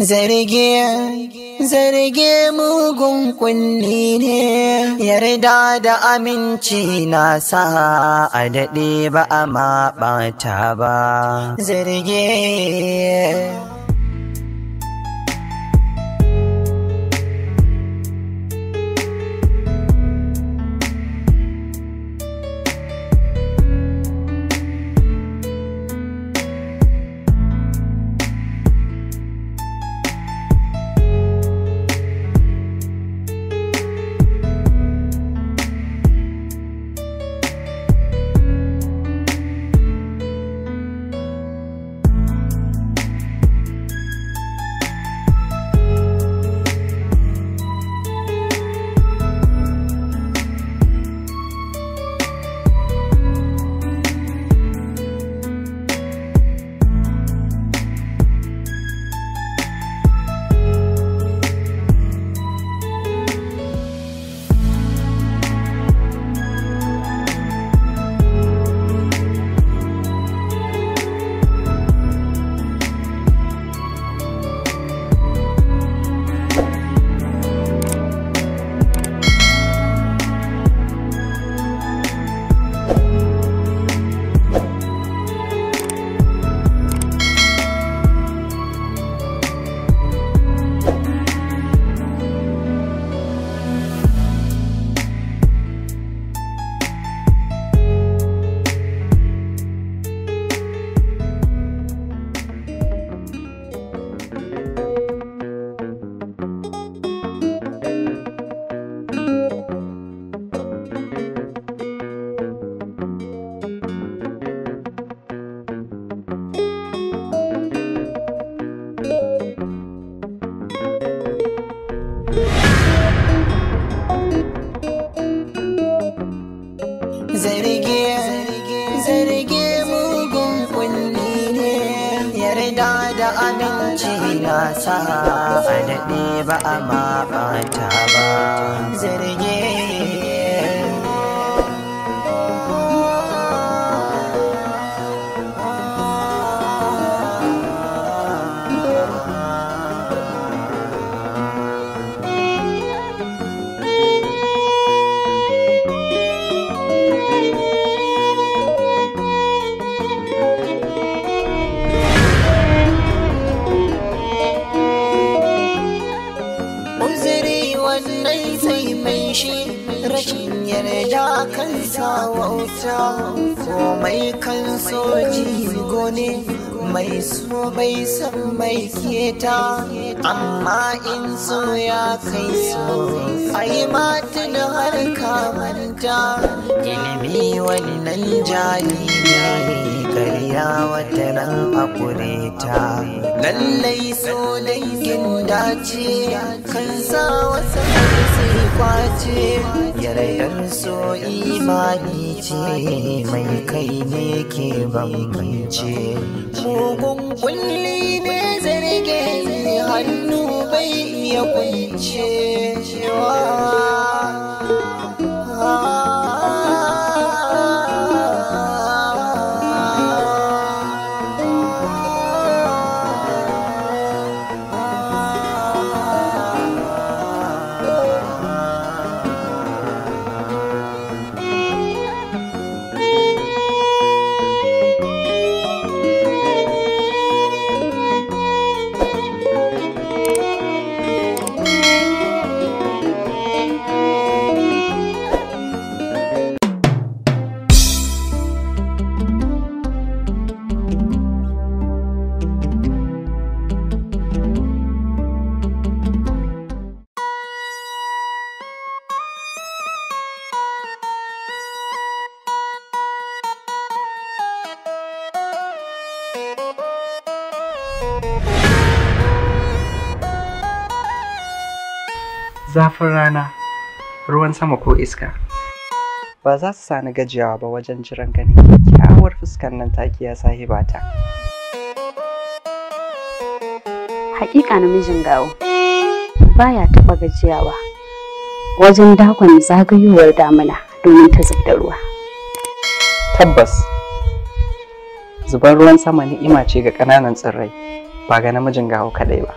Zarge, zarge mugun kunni ne, yarda da aminci na sa a daɗe ba a ma ɓata ba. Zarge. aminci na sa a daɗe ba a ma ba zirge kyauta komai kan soji gone mai so bai san mai keta amma in so ya kai so ai matan har kamanta ilimi wannan jari ya karya wata nan akure ta lallai so dangin dace kan sa wasu sai kwace yardar so imani ce mai kai ne ke bambance mugun kulli ne zarge hannu bai iya kunce sama ko iska ba za su sani gajiyawa ba wajen jiran ganin kyakkyawar fuskar nan taki ya sahibata hakika namijin gawo baya taba gajiyawa wajen dakon zagayowar damina domin ta zub da ruwa tabbas zubar ruwan sama ni'ima ce ga ƙananan tsirrai ba ga namijin gawo kaɗai ba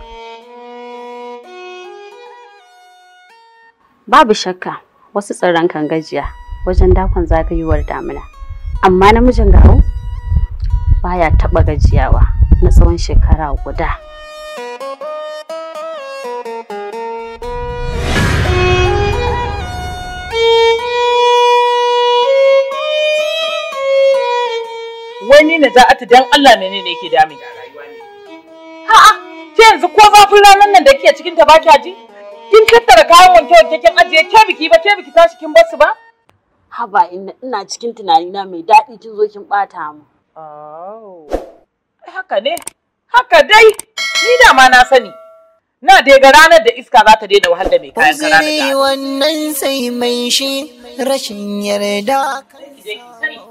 babu shakka wasu tsaron kan gajiya wajen dakon zagayowar damina amma namijin gawo baya taɓa gajiyawa na tsawon shekara guda wani na za ta dan Allah ne ne ke dami. Ha'a, ke yanzu ko zafin ranar nan da kike cikin ta ba ji? kin tattara kayan wanke wanke kin ajiye ke biki ba ke biki tashi kin basu ba haba ina cikin tunani na mai daɗi kin zo kin bata mu oh haka ne haka dai ni da ma na sani na dai ga ranar da iska za ta daina wahalar mai kayan kara da wannan sai mai shi rashin yarda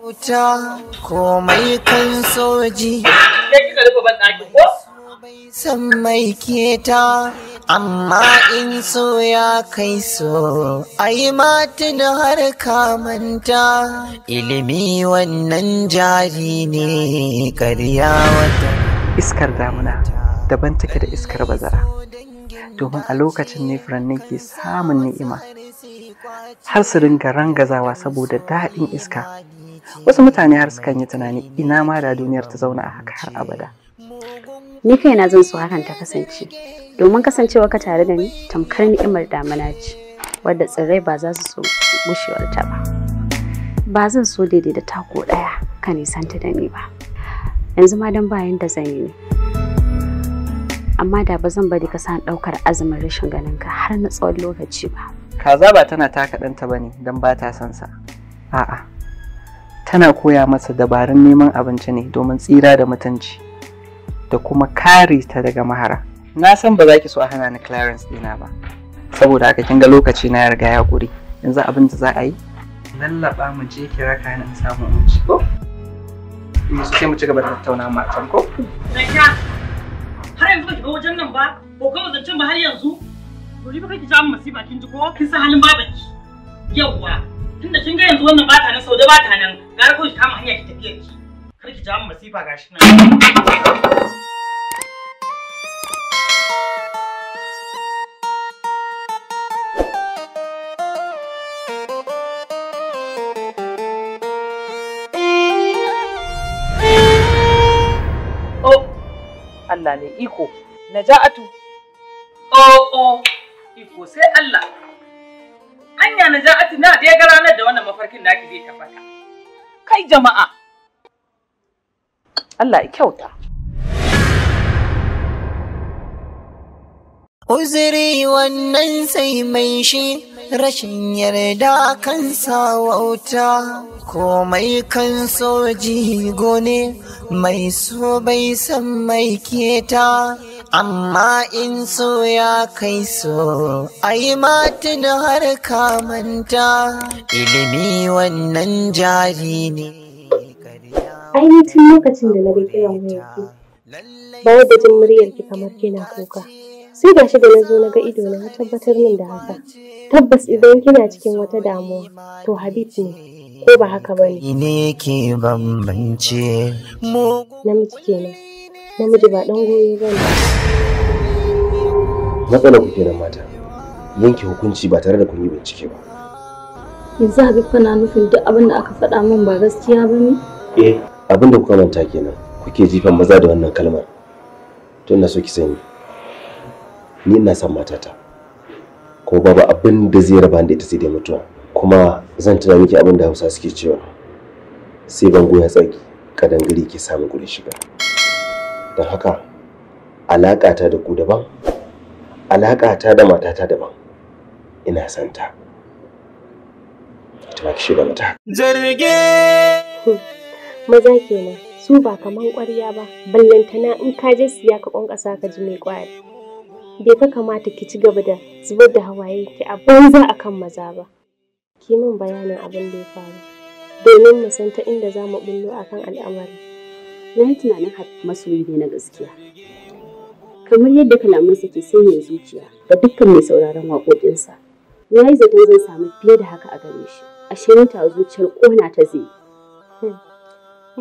wuta komai kan soji sai kika rufe ban ɗakin ko san mai keta amma in so ya kai so a yi matin har kamanta ilimi wannan jari ne karya wata iskar damuna daban take da iskar bazara domin a lokacin ne furanni ke samun ni'ima har su ringa rangazawa saboda daɗin iska wasu mutane har sukan yi tunani ina ma da duniyar ta zauna a haka har abada ni kaina zan so hakan ta kasance domin kasancewa ka tare da ni tamkar ni'imar damana ce wadda tsirrai ba za su so gushewar ta ba ba zan so daidai da tako ɗaya ka nisanta da ni ba yanzu ma dan bayan da zan yi amma da ba zan bari ka san ɗaukar azumin rashin ganin ka har na tsawon lokaci ba kaza ba tana taka ɗanta ba ne don ba ta san sa a'a tana koya masa dabarun neman abinci ne domin tsira da mutunci da kuma kare ta daga mahara na san ba za ki so a hana ni Clarence dina ba saboda haka kin ga lokaci na yarga riga ya gure yanzu abin da za a yi lallaba mu je kira ni in samu mu ci ko mu sai mu ci gaba da tattauna ma can ko Raja har yanzu ba ki ga wajen nan ba ko kuma zancen ba har yanzu Dori ba kake jamu masifa kin ji ko kin san halin babanki yawwa tunda kin ga yanzu wannan bata nan saude bata nan gara ko ki kama hanya ki tafi ki kar ki jamu masifa gashi nan Allah ne iko naja'atu oh, oh iko sai Allah hanya naja'atu na da ya ga ranar da wannan mafarkin da bi ta tabbata kai jama'a Allah ya kyauta Uzuri wannan sai mai shi rashin yarda kan wauta komai kan soji gone mai so bai san mai keta amma in so ya kai so ai matin har kamanta ilimi wannan jari ne ainihin lokacin da na bai kayan wuyanki ba da jin muryarki kamar kina kuka sai shi da na zo na ga ido na tabbatar min da haka tabbas idan kina cikin wata damuwa to habib ne ko ba haka ba ne ki bambance namiji kenan namiji ba dan goyo ba ne matsalar ku kenan mata yanke hukunci ba tare da kun yi bincike ba yanzu habib kana nufin duk abin da aka faɗa min ba gaskiya ba ne eh abin da kuka manta kenan kuke jifan maza da wannan kalmar to na so ki sani ni ina son matata ko babu abin da zai raba da ita sai dai mutuwa kuma zan tuna miki abin da Hausa suke cewa sai bango ya tsaki gari ke samun gurin shiga don haka alaƙata da ku daban alaƙata da matata daban ina son ta ita ba ki shiga mata maza kenan su ba kaman ƙwarya ba ballantana in ka je siya ka kasa ka ji mai ƙwari bai fa kamata ki ci gaba da zubar da hawaye ki a banza a kan maza ba ki min bayanin abin da ya faru domin mu san ta inda za mu bullo akan al'amari ya yi tunanin masoyi ne na gaskiya kamar yadda kalamansa ke sanya zuciya ga dukkan mai sauraron waƙoƙinsa ya yi zaton zan samu fiye da haka a gare shi ashe ni ta zuciyar ƙona ta zai yi. Hmm.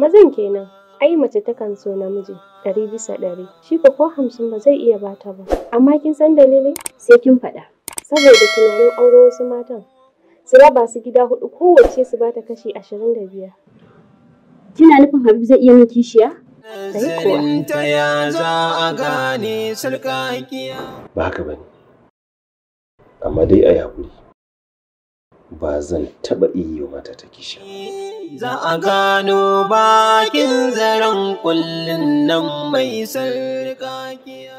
mazan kenan ai mace takan so namiji ɗari bisa ɗari. Shi ko ko hamsin ba zai iya bata ba. Amma kin san dalilin? Sai kin faɗa. Saboda tunanin auren wasu matan. Su raba su gida hudu kowace su bata kashi ashirin da Kina nufin Habib zai iya min kishiya? Zarinta ya za a gane Ba haka ba Amma dai a yi ba zan taɓa iyo mata ta kisha. Za a gano bakin zaren kullum nan mai sarƙaƙiya.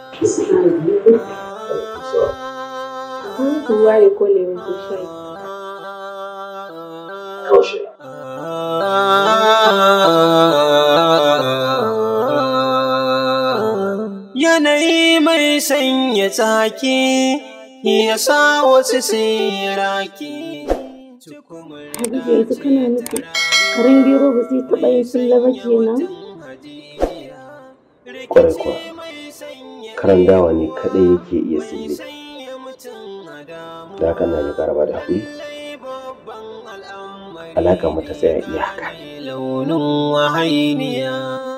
Yanayi mai sanya tsaki ya sa wasu siraki. Hadiza yanzu kana nufi karen gero ba zai taɓa yin sulla ba nan. Kwarai kuwa, karen dawa ne kaɗai yake iya sulle. Da haka na ni garaba da haƙuri. Alaƙa mata tsaya iya haka. Launin wahainiya.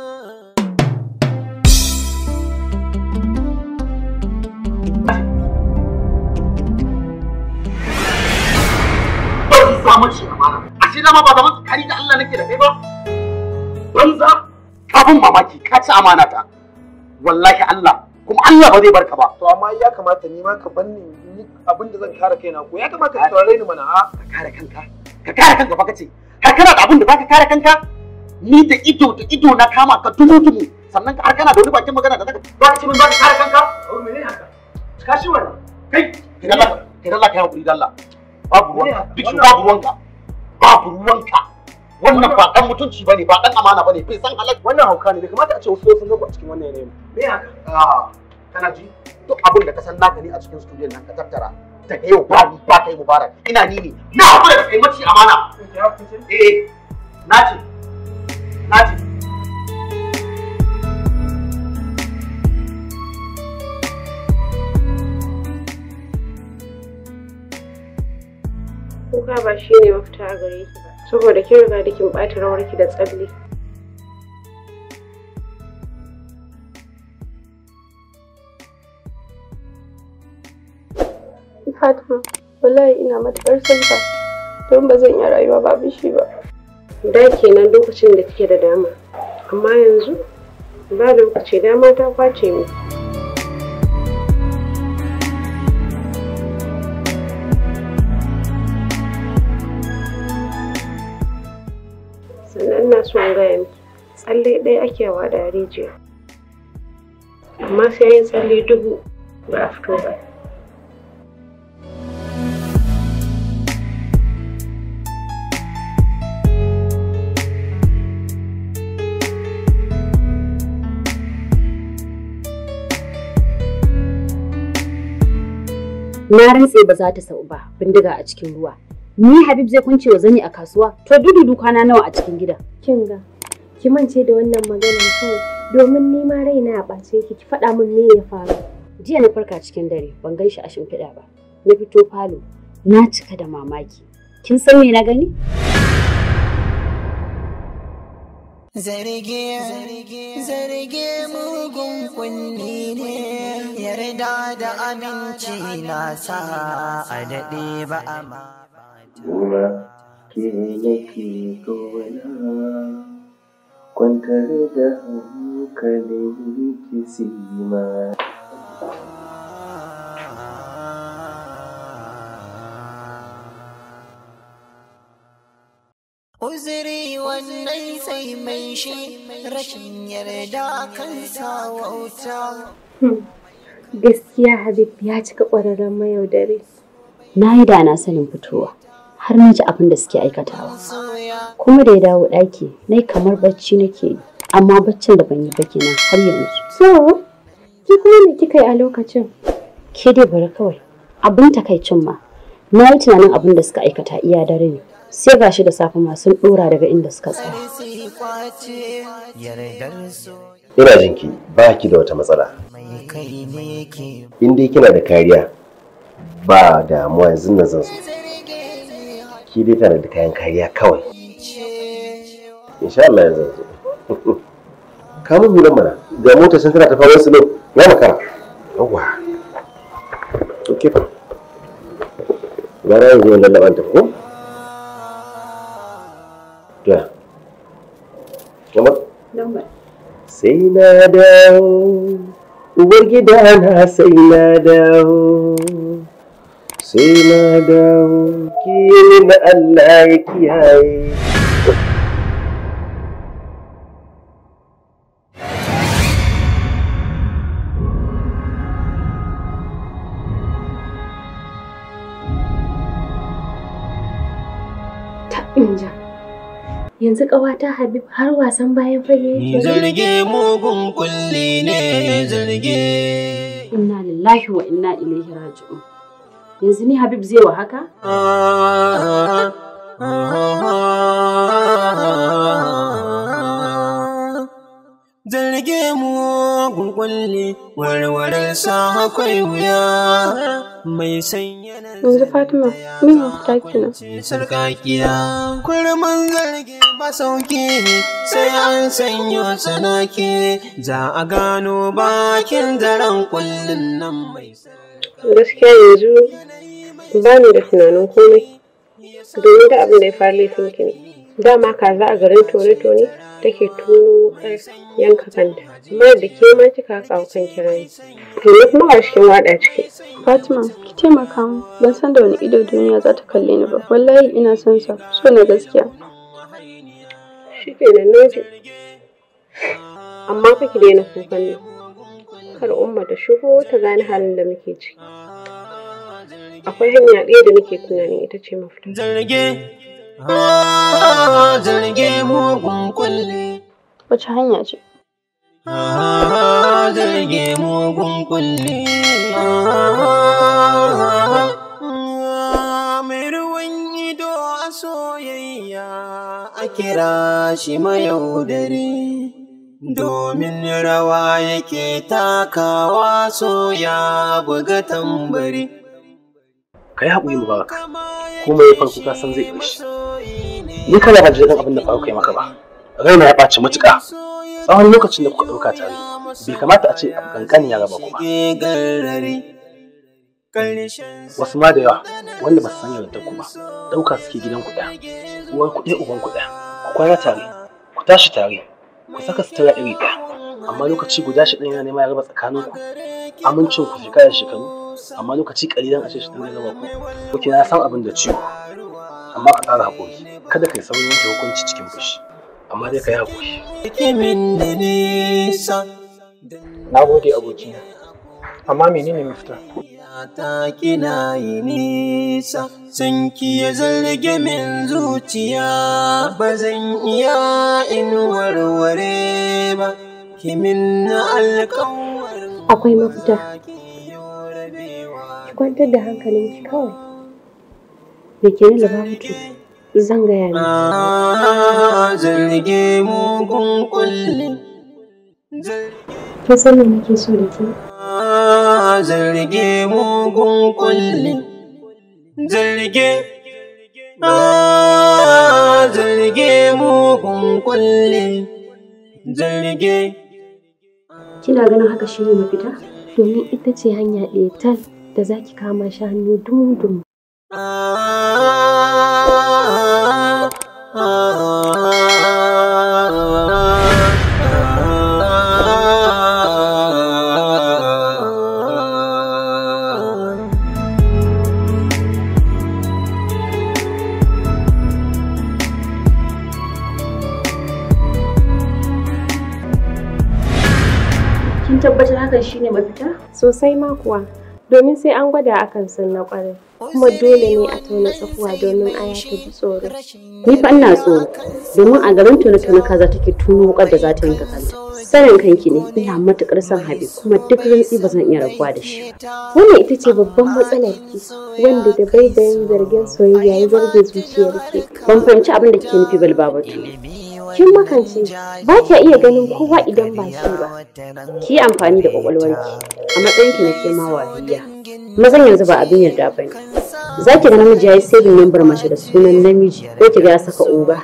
samun shi amana a shi dama ba zaman tsakani da Allah nake da kai ba banza abun mamaki ka ci amana ta wallahi Allah kuma Allah ba zai bar ka ba to amma ya kamata ni ma ka banni abin da zan kare kaina ko ya kamata ka saurare ni mana a ka kare kanka ka kare kanka fa kace har kana da abin da baka kare kanka ni da ido da ido na kama ka tumu tumu sannan har kana da wani bakin magana da zaka ba ka ce min zaka kare kanka to menene haka ka shi wannan kai kidalla kidalla kai hakuri dalla babu ruwanka biki babu ruwanka babu ruwanka wannan ba dan mutunci bane ba dan amana bane bai san halak wannan hauka ne bai kamata a ce wasu sun zo a cikin wannan yanayin me haka a ah, kana ji duk abin da ka san naka ne a cikin studio nan ka tattara daga yau ba ni ba kai mubarak ina ni ne na hakura da kai mace amana eh na ce na ce kuka ba shi ne mafita a gare ki ba saboda kin riga da kin ɓata ki da tsalle Fatima, wallahi ina matuƙar son ka don ba zan iya rayuwa babu shi ba. Da kenan lokacin da kike da dama, amma yanzu ba lokaci dama ta kwace mu. ɗaya ake waɗa jiya, amma sai yin tsalle dubu ba a fito ba na rantse ba za ta sau ba bindiga a cikin ruwa ni habib zai kunce wa zani a kasuwa to dudu kwana nawa a cikin gida. kin ki mance da wannan maganar kawai domin ni ma raina a ɓace ki ki faɗa min me ya faru jiya na farka cikin dare ban gan shi a shimfiɗa ba na fito falo na cika da mamaki kin san me na gani Zarge, zarge mugun kunni ne, yarda da aminci na sa a daɗe ba a ma ba. Kuma ke yake kwantar da hankalin ki Uzuri wannan sai mai shi rashin yarda kan wauta. Hmm. Gaskiya Habib ya cika ƙwararren mayaudari. Na yi da na sanin fitowa. har na ji abin da suke aikatawa kuma da ya dawo ɗaki na kamar bacci nake yi amma baccin da ban yi ba kenan har yanzu so ki kuma me kika yi a lokacin ke dai bari kawai abin takaicin ma na yi tunanin abin da suka aikata iya dare ne sai gashi da safe ma sun dora daga inda suka tsaya ina jinki ba ki da wata matsala in dai kina da kariya ba damuwa yanzu na zan so ki dai tana da kayan kariya kawai insha Allah yanzu zo ka mu hulan mana ga mota sun tana tafa su ne ya makara yawa Ok. kefa gara yanzu wannan laban tafi ko to sai na dawo uwar gida na sai na dawo sai na dawo wakilin Allah ya kiyaye. yanzu ƙawata Habib har wasan bayan fage yake. Zarge mugun kulli ne zarge. Inna lillahi wa inna ilaihi raji'un. yanzu ni habib zai wa haka Jirge mu gurgulle warware sa akwai wuya mai sanya Yanzu Fatima, ni mafita kenan. Sarkakiya, kurman zargi ba sauki sai an sanyo sanaki za a gano bakin daren kullun nan mai gaskiya yanzu ba ni da tunanin komai domin da abin da ya faru laifin ki ne dama kaza a garin tone-tone take tono wukar yanka kanta amma da ke ma kika kawo kan kirani to kuma ba cikin wada ciki Fatima ki taimaka mu ban san da wani ido duniya za ta kalle ni ba wallahi ina son sa so na gaskiya Shi da naji amma fa ki daina kukan ne? al'umma da shigo ta gane halin da muke ciki akwai hanya ɗaya da muke tunanin ita ce mafita zarge mugun kulle wace hanya ce zarge mugun kulle mai ido soyayya a kira shi mayaudare domin rawa yake takawa so ya buga tambari. Ka yi haƙuri mu baka, kuma ya farko kasan zai shi. Ni kana ba jirgin abin da faru kai maka ba, raina ya ɓaci matuƙa. Tsawon lokacin da kuka ɗauka tare, bai kamata a ce a ƙanƙani ya raba kuma. Wasu ma da yawa, wanda ba su san yarda ba, ɗauka suke gidan kuɗa, uwar kuɗi, uban kuɗa, ku kwana tare, ku tashi tare, ku saka sutura iri ɗaya amma lokaci guda shi ɗaya nema ya raba tsakanin ku amincin ku shekara shekaru amma lokaci ƙalilan a ce shi ɗaya raba ku kuke na san abin da ciwo amma ka ƙara haƙuri kada ka yi saurin yanke hukunci cikin fushi amma dai ka yi haƙuri. Na gode abokina, amma menene mafita? ta kina yi nisa sun kiye zarge min zuciya ba zan iya in warware ba kimin na alkawarin akwai mafita ki kwantar da hankalin ki kawai da ke ni mutu zan gaya miki zarge mugun kullum. kin san me nake so da ke zarge mugun kulli zarge ah, zarge mugun kulli zarge kina ganin haka shi ne mafita domin ita ce hanya ɗaya tal da za ki kama shi hannu dum hakan shine mafita? Sosai ma kuwa, domin sai an gwada akan san na kwarai. Kuma dole ne a tauna tsakuwa domin ya ta ji tsoro. Ni fa ina tsoro, domin a garin tuni-tuni kaza take tuno wukar da za ta yanka kanta. Sanin kanki ne, ina matuƙar son habi kuma duk rantsi ba zan iya rabuwa da shi. Wannan ita ce babban matsalar ki, wanda da bai da zargin soyayya ya zarge zuciyar ki. Ban fahimci abin da kike nufi balbabatu. kin makance ba kya iya ganin kowa idan ba shi ba ki yi amfani da kwakwalwanki a matsayin ki na ke ma wahiya mazan yanzu ba abin yarda ba ne za ki ga namiji ya yi sabin lambar mace da sunan namiji ko ki ga saka oga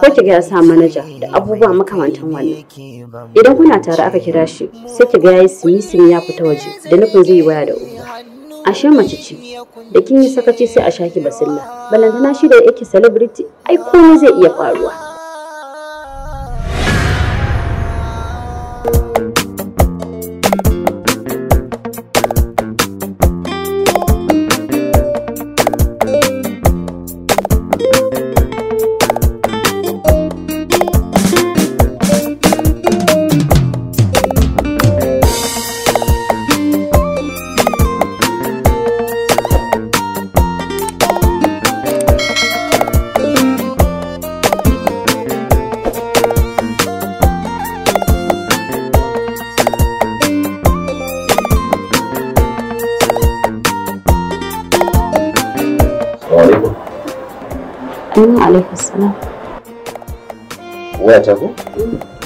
ko ki ga sa manaja da abubuwa makamantan wannan idan kuna tare aka kira shi sai ki ga ya yi simisimi ya fita waje da nufin zai yi waya da uba ashe mace ce da kin yi sakaci sai a shaki basilla balantana shi da yake celebrity ai komai zai iya faruwa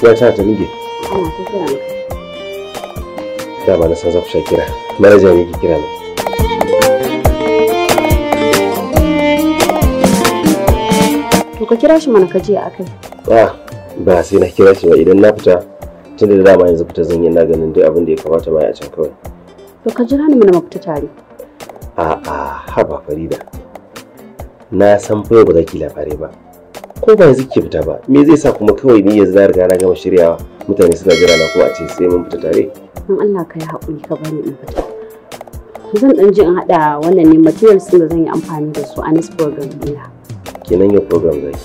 gaskiya tana ta rige da ba na san zafi shakira na ne ke kira na to ka kira shi mana ka je a kai a ah, ba sai na kira shi ba idan na fita tun da dama yanzu fita zan yi na ganin duk abin da ya kamata ma ya can kawai to ka jira ni mana ma fita tare a'a haba farida na san fa ba za ki labarai ba ko ba yanzu ke fita ba me zai sa kuma kawai ni yanzu zai riga na gama shiryawa mutane suna jira na kuma a ce sai mun fita tare Don Allah ka yi haƙuri ka bani in fita zan dan ji in haɗa wannan ne material sun da zan yi amfani da su a next program ɗina kenan ya program zai eh.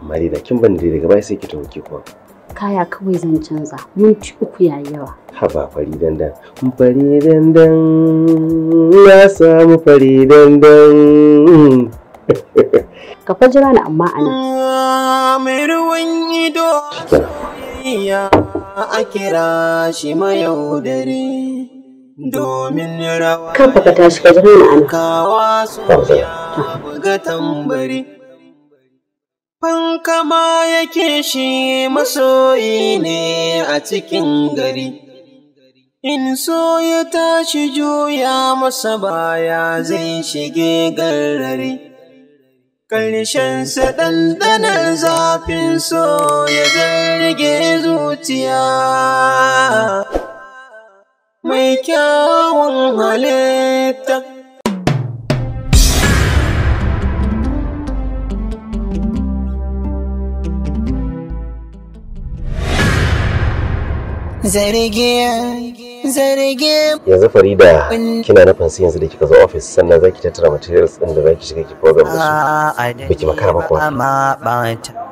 mari da kin bani dai daga baya sai ki tawo ki kuwa kaya kawai zan canza minti uku ya yawa. Haba fari dandan. Fari dandan na samu fari dandan. ka fa jira ni amma ana mai ruwan ido ya a kira shi mayaudare domin rawa kan fa ka tashi ka jira ni ana kawa ya buga tambari fankama yake shi masoyi ne a cikin gari In so ya tashi juya masa baya zai shige garrari. sa ɗanɗanar zafin so ya zarge zuciya mai kyawun halitta. zargi yanzu farida kina na fansi yanzu da kika zo ofis sannan zaki tattara materials din da zaki shiga ki program da su biki makara ba kuwa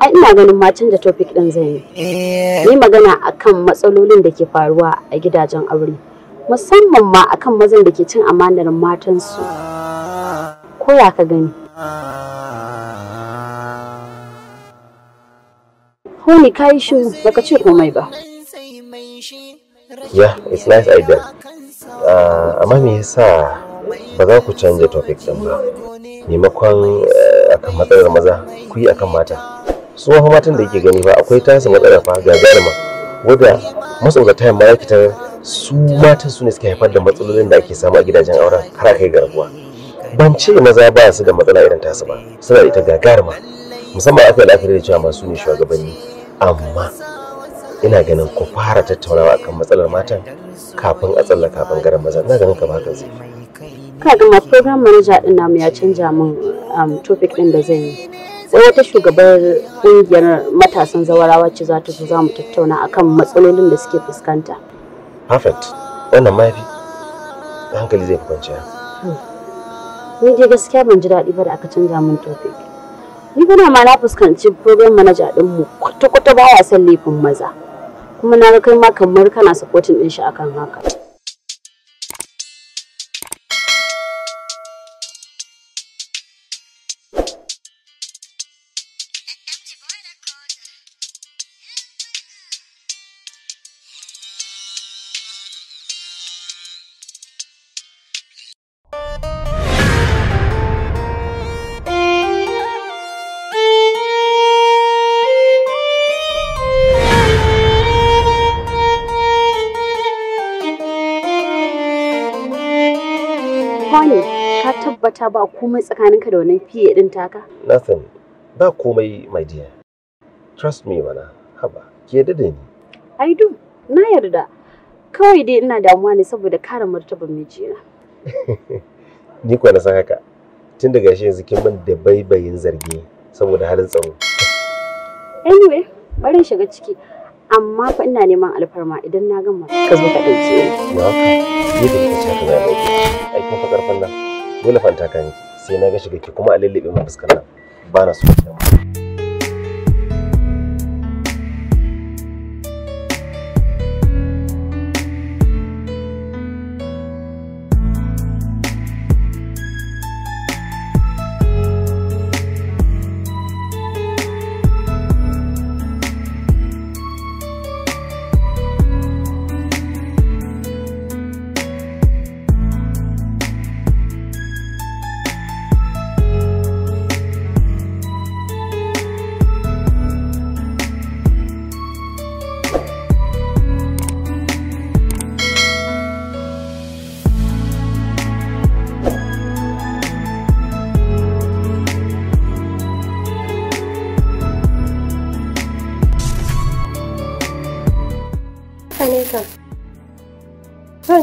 ai ina ganin ma da topic din zan yi eh. ni magana akan matsalolin da ke faruwa a gidajen aure musamman ma akan mazan da ke cin amanar matansu ko ya ka gani Huni ka yi ba baka ce komai ba. yeah it's nice idea uh, amma me yasa ba za ku canza topic din ba maimakon eh, akan matsalar maza ku yi akan mata su wasu matan da yake gani ba akwai tasa matsalar fa gagaruma. wadda matsaurata yamma ya fitar su matan su ne suka haifar da matsalolin da ake samu a gidajen auren har kai yi garkuwa ban ce maza ba su da matsala irin tasu ba suna da ita gagarima musamman akwai yi da cewa masu ne shugabanni amma ina ganin ku fara tattaunawa akan matsalar matan kafin a tsallaka bangaren maza na ganin kamar ka zai ka ma program manager din namu ya canja min um, topic din da zan yi sai wata shugabar kungiyar matasan zawarawa ce za ta zo za mu tattauna akan matsalolin da suke fuskanta perfect wannan yafi hankali zai fi kwanciya hmm. ni dai gaskiya ban ji daɗi ba da aka canja min topic ni ba ma na fuskanci program manager ɗinmu kwata-kwata baya son laifin maza kuma na ga kai ma kamar kana supporting din shi akan haka tabbata ba komai tsakaninka da wannan fiye din taka? Nothing. Ba komai, my dear. Trust me mana, haba, ki yarda da ni. I do, na yarda. Kawai dai ina damuwa ne saboda kare martaban mijina. Ni kuwa na san haka. Tun daga shi yanzu kin min da baibayin zargi saboda halin tsaro. Anyway, bari shiga ciki. Amma fa ina neman alfarma idan na gama. Ka zo ka ɗauke ni. Ni da kike cikin da ɗauke. Ai kun fa karfan nan. dole fanta ka ne sai na ga shiga ki kuma a lallabe mu fuskar nan ba na so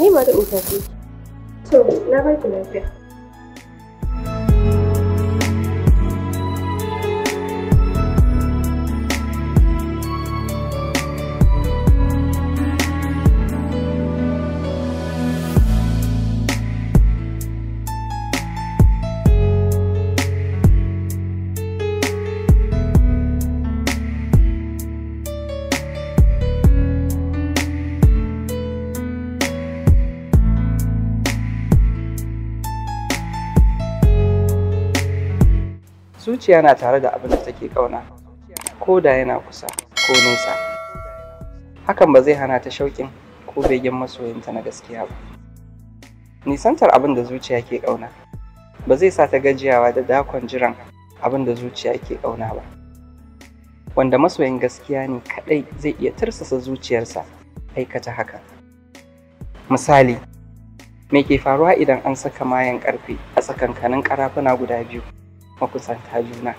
Rahima da Uta ce. To, na barki lafiya. zuciya na tare da abin da take ƙauna ko da yana kusa ko nisa hakan ba zai hana ta shauƙin ko begen masoyinta na gaskiya ba nisantar abin da zuciya ke ƙauna ba zai sa ta gajiyawa da dakon jiran abin da zuciya ke ƙauna ba wanda masoyin gaskiya ne kaɗai zai iya tursasa zuciyarsa aikata haka misali me ke faruwa idan an saka mayan karfe a tsakankanin ƙarafuna guda biyu makusanta juna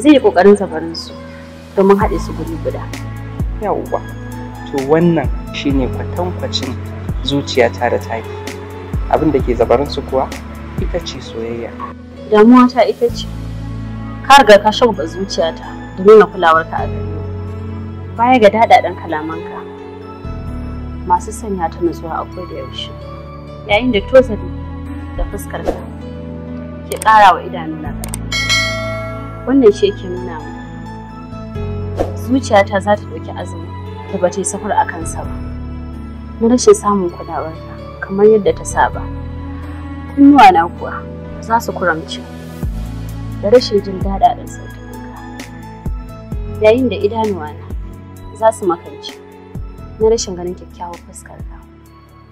zai yi kokarin safarin su domin haɗe su guri guda yawwa to wannan shine kwatankwacin zuciyata da taki abin da ke zabarin kuwa ita ce soyayya damuwa ta ita ce ka riga ka shauka zuciyata da kulawar kulawarka a gare baya ga daɗaɗen kalamanka masu sanya ta nutsuwa a da yaushe yayin da tozali da fuskar ka ke ƙara wa idanuna wannan shi yake nuna zuciyata za ta ɗauki azumi da ba ta yi safar a kansa ba na rashin samun ta kamar yadda ta saba kunnuwa na kuwa za su kuramci da rashin jin daɗaɗin sautukanka yayin da na za su makance na rashin ganin kyakkyawar fuskar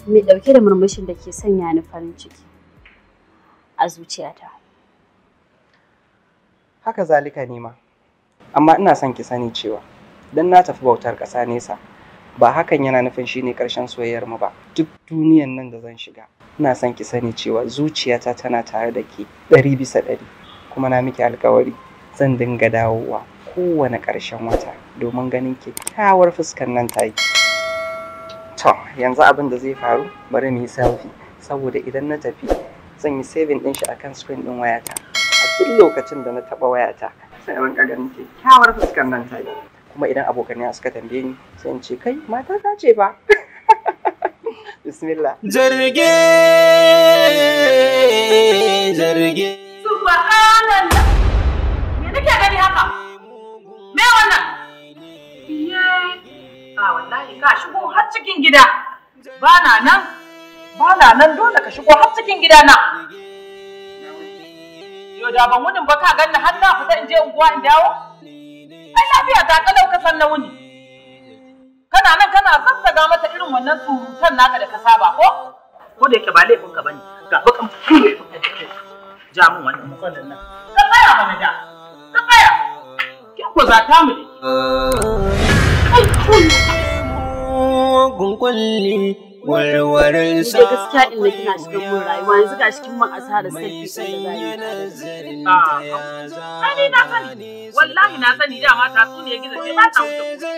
mai ɗauke da murmushin da ke sanya ni farin ciki a zuciyata haka zalika nima amma ina son ki sani cewa dan na tafi bautar ƙasa nesa ba hakan yana nufin ne ƙarshen soyayyar mu ba duk duniyan nan da zan shiga ina son ki sani cewa zuciyata tana tare da ke ɗari bisa ɗari kuma na miki alkawari zan dinga dawowa kowane ƙarshen wata domin ganin kyakkyawar fuskar nan taki. to yanzu abin da zai faru bari mu yi selfie saboda idan na tafi zan yi saving din shi akan screen din wayata a duk lokacin da na taba wayata sai ran kaga ni kyawar fuskar nan ta kuma idan ya suka tambaye ni sai in ce kai mata ta ce ba bismillah jirge jirge subhanallah me nake gani haka me wannan A ah, wallahi ka shigo har cikin gida. Ba na nan, ba na nan dole ka shigo har cikin gida na. Yo da ban wunin ba ka ganna har na fita in je unguwa in dawo? Ai lafiya ta kalau ka san na wuni. Kana nan kana sassaga mata irin wannan surutan naka da ka saba ko? Ko da yake ba laifin ka bane. Ga bakan ja min wannan matsalar nan. Ka tsaya mana da. Ka tsaya. Kin ko za ta mu ne. Gungun warwarin sa da gaskiya in da kina cikin mun rayuwa yanzu ga cikin mun asara sai sai da zai sani na sani wallahi na sani da ma ta tsune gizo ce ba ta wuce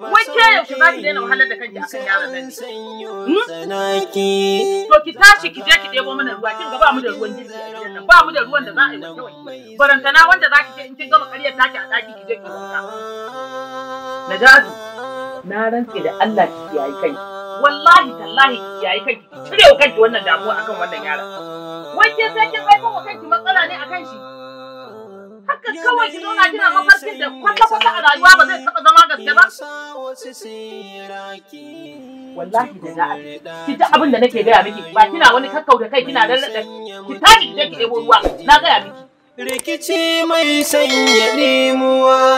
wai ke yaushe za ki daina wahalar da kanki akan yaran nan hmm? to ki tashi ki je ki debo mana ruwa kin ga ba mu da ruwan girki a gidan ba mu da ruwan da za a yi wanke wanke barantana wanda za ki je in kin gama karyar taki a daki ki je ki wanka najatu na rantse da Allah ki kiyaye kai wallahi tallahi ki kiyaye kai ki cire wa kanki wannan damuwa akan wannan yaron Wanke sai kin kai kuma kanki matsala ne akan shi haka kawai ki zauna kina mafarkin da kwata kwata a rayuwa ba zai taba zama gaske ba wallahi da za a ki ji abin da nake gaya miki ba kina wani kakkauta kai kina rarraɗa ki tashi ki je ki ɗebo ruwa na gaya miki rikici mai sanya ɗimuwa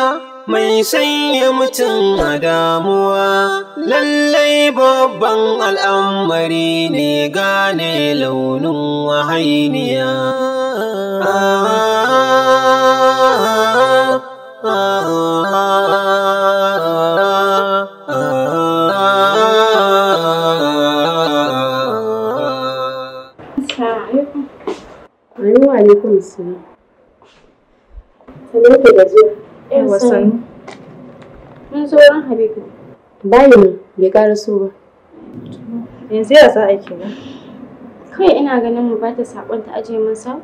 mai sanya mutum a damuwa lallai babban al'amari ne gane launin wahainiya Assalamu alaikum. ke gajiya. Yawa sanu. Mun zo ran Habibu. Bayi ne bai ƙara so ba. Yanzu ya za a kenan. Kawai ina ganin mu ba ta saƙon ta aje masa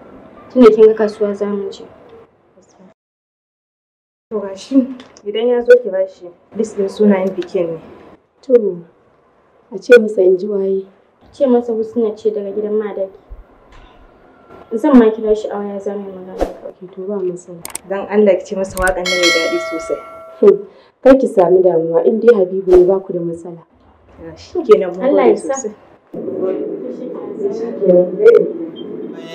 tunda kin ga kasuwa za mu je. To gashi idan ya zo ki bashi list ɗin sunayen bikin ne. To a ce masa in ji waye. A ce masa Husna ce daga gidan Madaki. Zan ma kira shi a waya za mu magana kawai. To ba matsala. Dan Allah ki ce masa waƙan nan ya daɗi sosai. Hmm. Kar ki sami damuwa in dai Habibu ne ba ku da matsala. Ah, Allah ya mun gode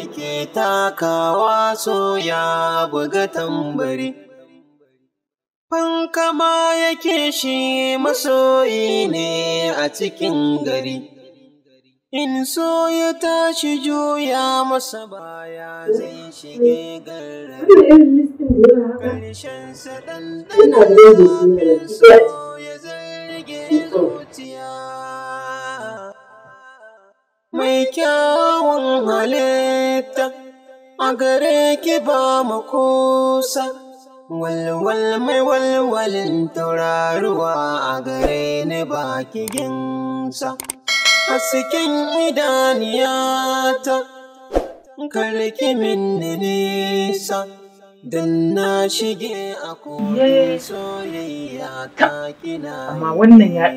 ke takawa soya buga tambari? Fankama yake shi masoyi ne a cikin gari. In so ya tashi juya masa baya zai shige garrari. sa ɗanɗanon so ya zarge zuciya. Mai kyawun halitta a gare ki ba mu kusa. Walwal mai walwalin tauraruwa a gare ni ba ki ginsa. hasken idaniyata karki min nisa don na shige a kore soyayya ta kina amma wannan ya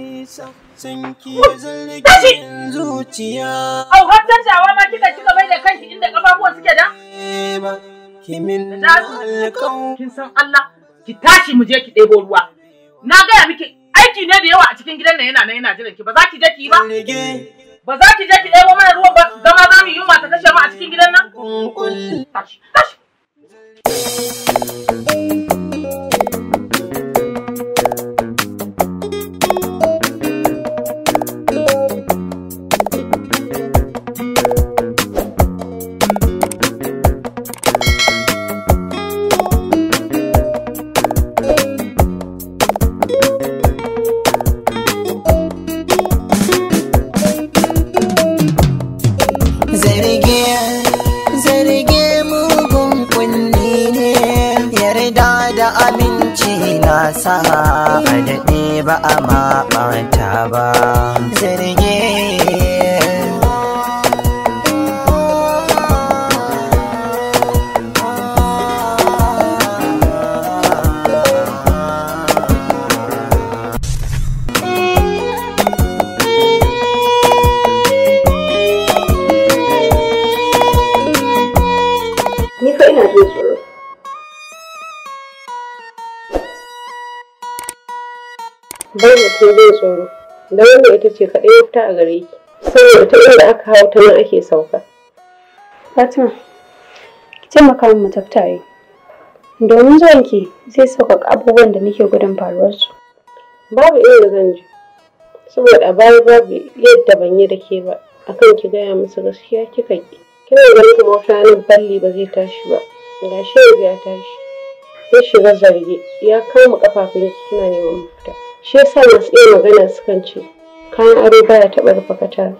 sun ki zargin zuciya au har wa ma kika kika bai da kanki inda kafafuwa suke da kimin alƙawari kin san Allah ki tashi mu je ki ɗebo ruwa na gaya miki aiki ne da yawa a cikin gidan nan yana nan yana jiran ki ba za ki je ki ba ba za ki je ki ɗebo mana ruwan ba zama za mu yi ma ta kashe mu a cikin gidan nan tashi tashi ka hau ta nan ake sauka. Fatima, ki taimaka min mu yi. Domin zuwanki zai sauƙaƙa abubuwan da nake gudun faruwarsu. Babu inda zan ji. Saboda a baya babu yadda ban yi da ke ba. Akan ki gaya musu gaskiya kika ki. Kina ganin kuma wata ranar balli ba zai tashi ba. Ga shi ya tashi. Ya shiga zarge ya kama ki, kina neman mafita. Shi yasa masu iya magana sukan ce kayan ado baya taɓa rufe katara.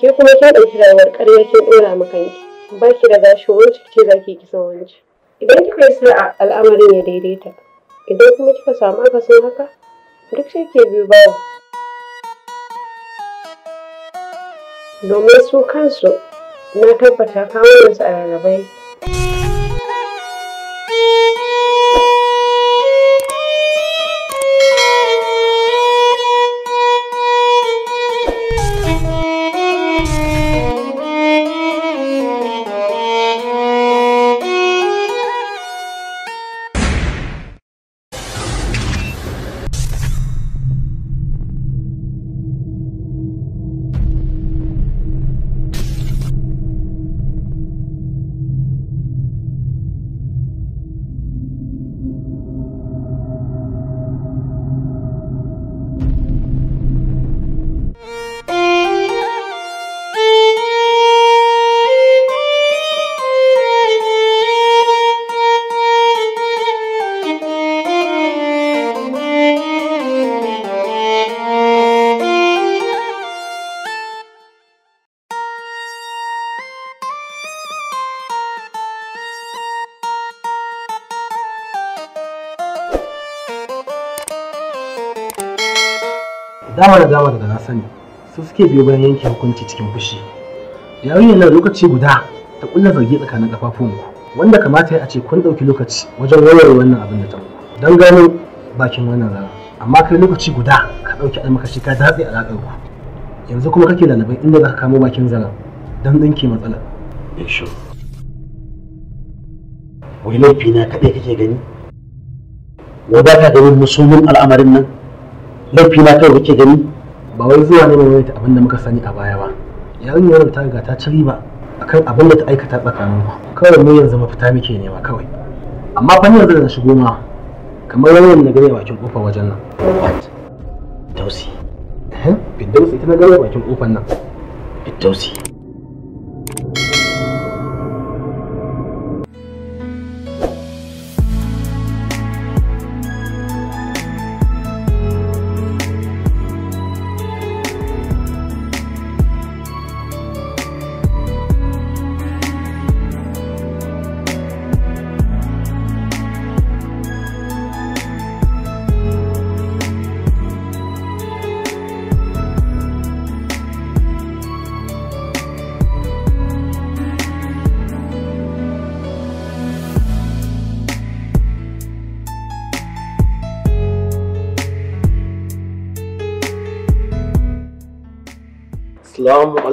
ke kuma ta ɗauki rayuwar ƙarya kin ɗora ma kanki ba ki da gashi wanci ce za ki kisan wanci idan kika yi sa'a al'amarin ya daidaita idan kuma kika samu akasin haka duk shi ke biyu bawa domin su kansu na tabbata kawo su a rarrabai na dama daga na sani su suke biyo bayan yanke hukunci cikin fushi yarinyar nan lokaci guda ta kulla zargi tsakanin kafafun ku wanda kamata ya ce kun ɗauki lokaci wajen wayar wannan abin da ta dan don gano bakin wannan rana amma kai lokaci guda ka ɗauki almakashi ka a alaƙar ku yanzu kuma kake lalabai inda za ka kamo bakin zara don ɗinke matsalar. Eh, Wai laifi na kaɗai kake gani? Wai ba ka ganin musulmin al'amarin nan? laifi na kawai kake gani ba wai zuwa ne mai wata abin da muka sani a baya ba yarinyar ta riga ta ci riba akan abin da ta aikata tsakanin ku. kawai mu yanzu mafita muke nema kawai amma fa yanzu da na shigo ma kamar wannan na gare bakin kofar wajen nan tausi eh bidausi ita na gare bakin kofar nan bidausi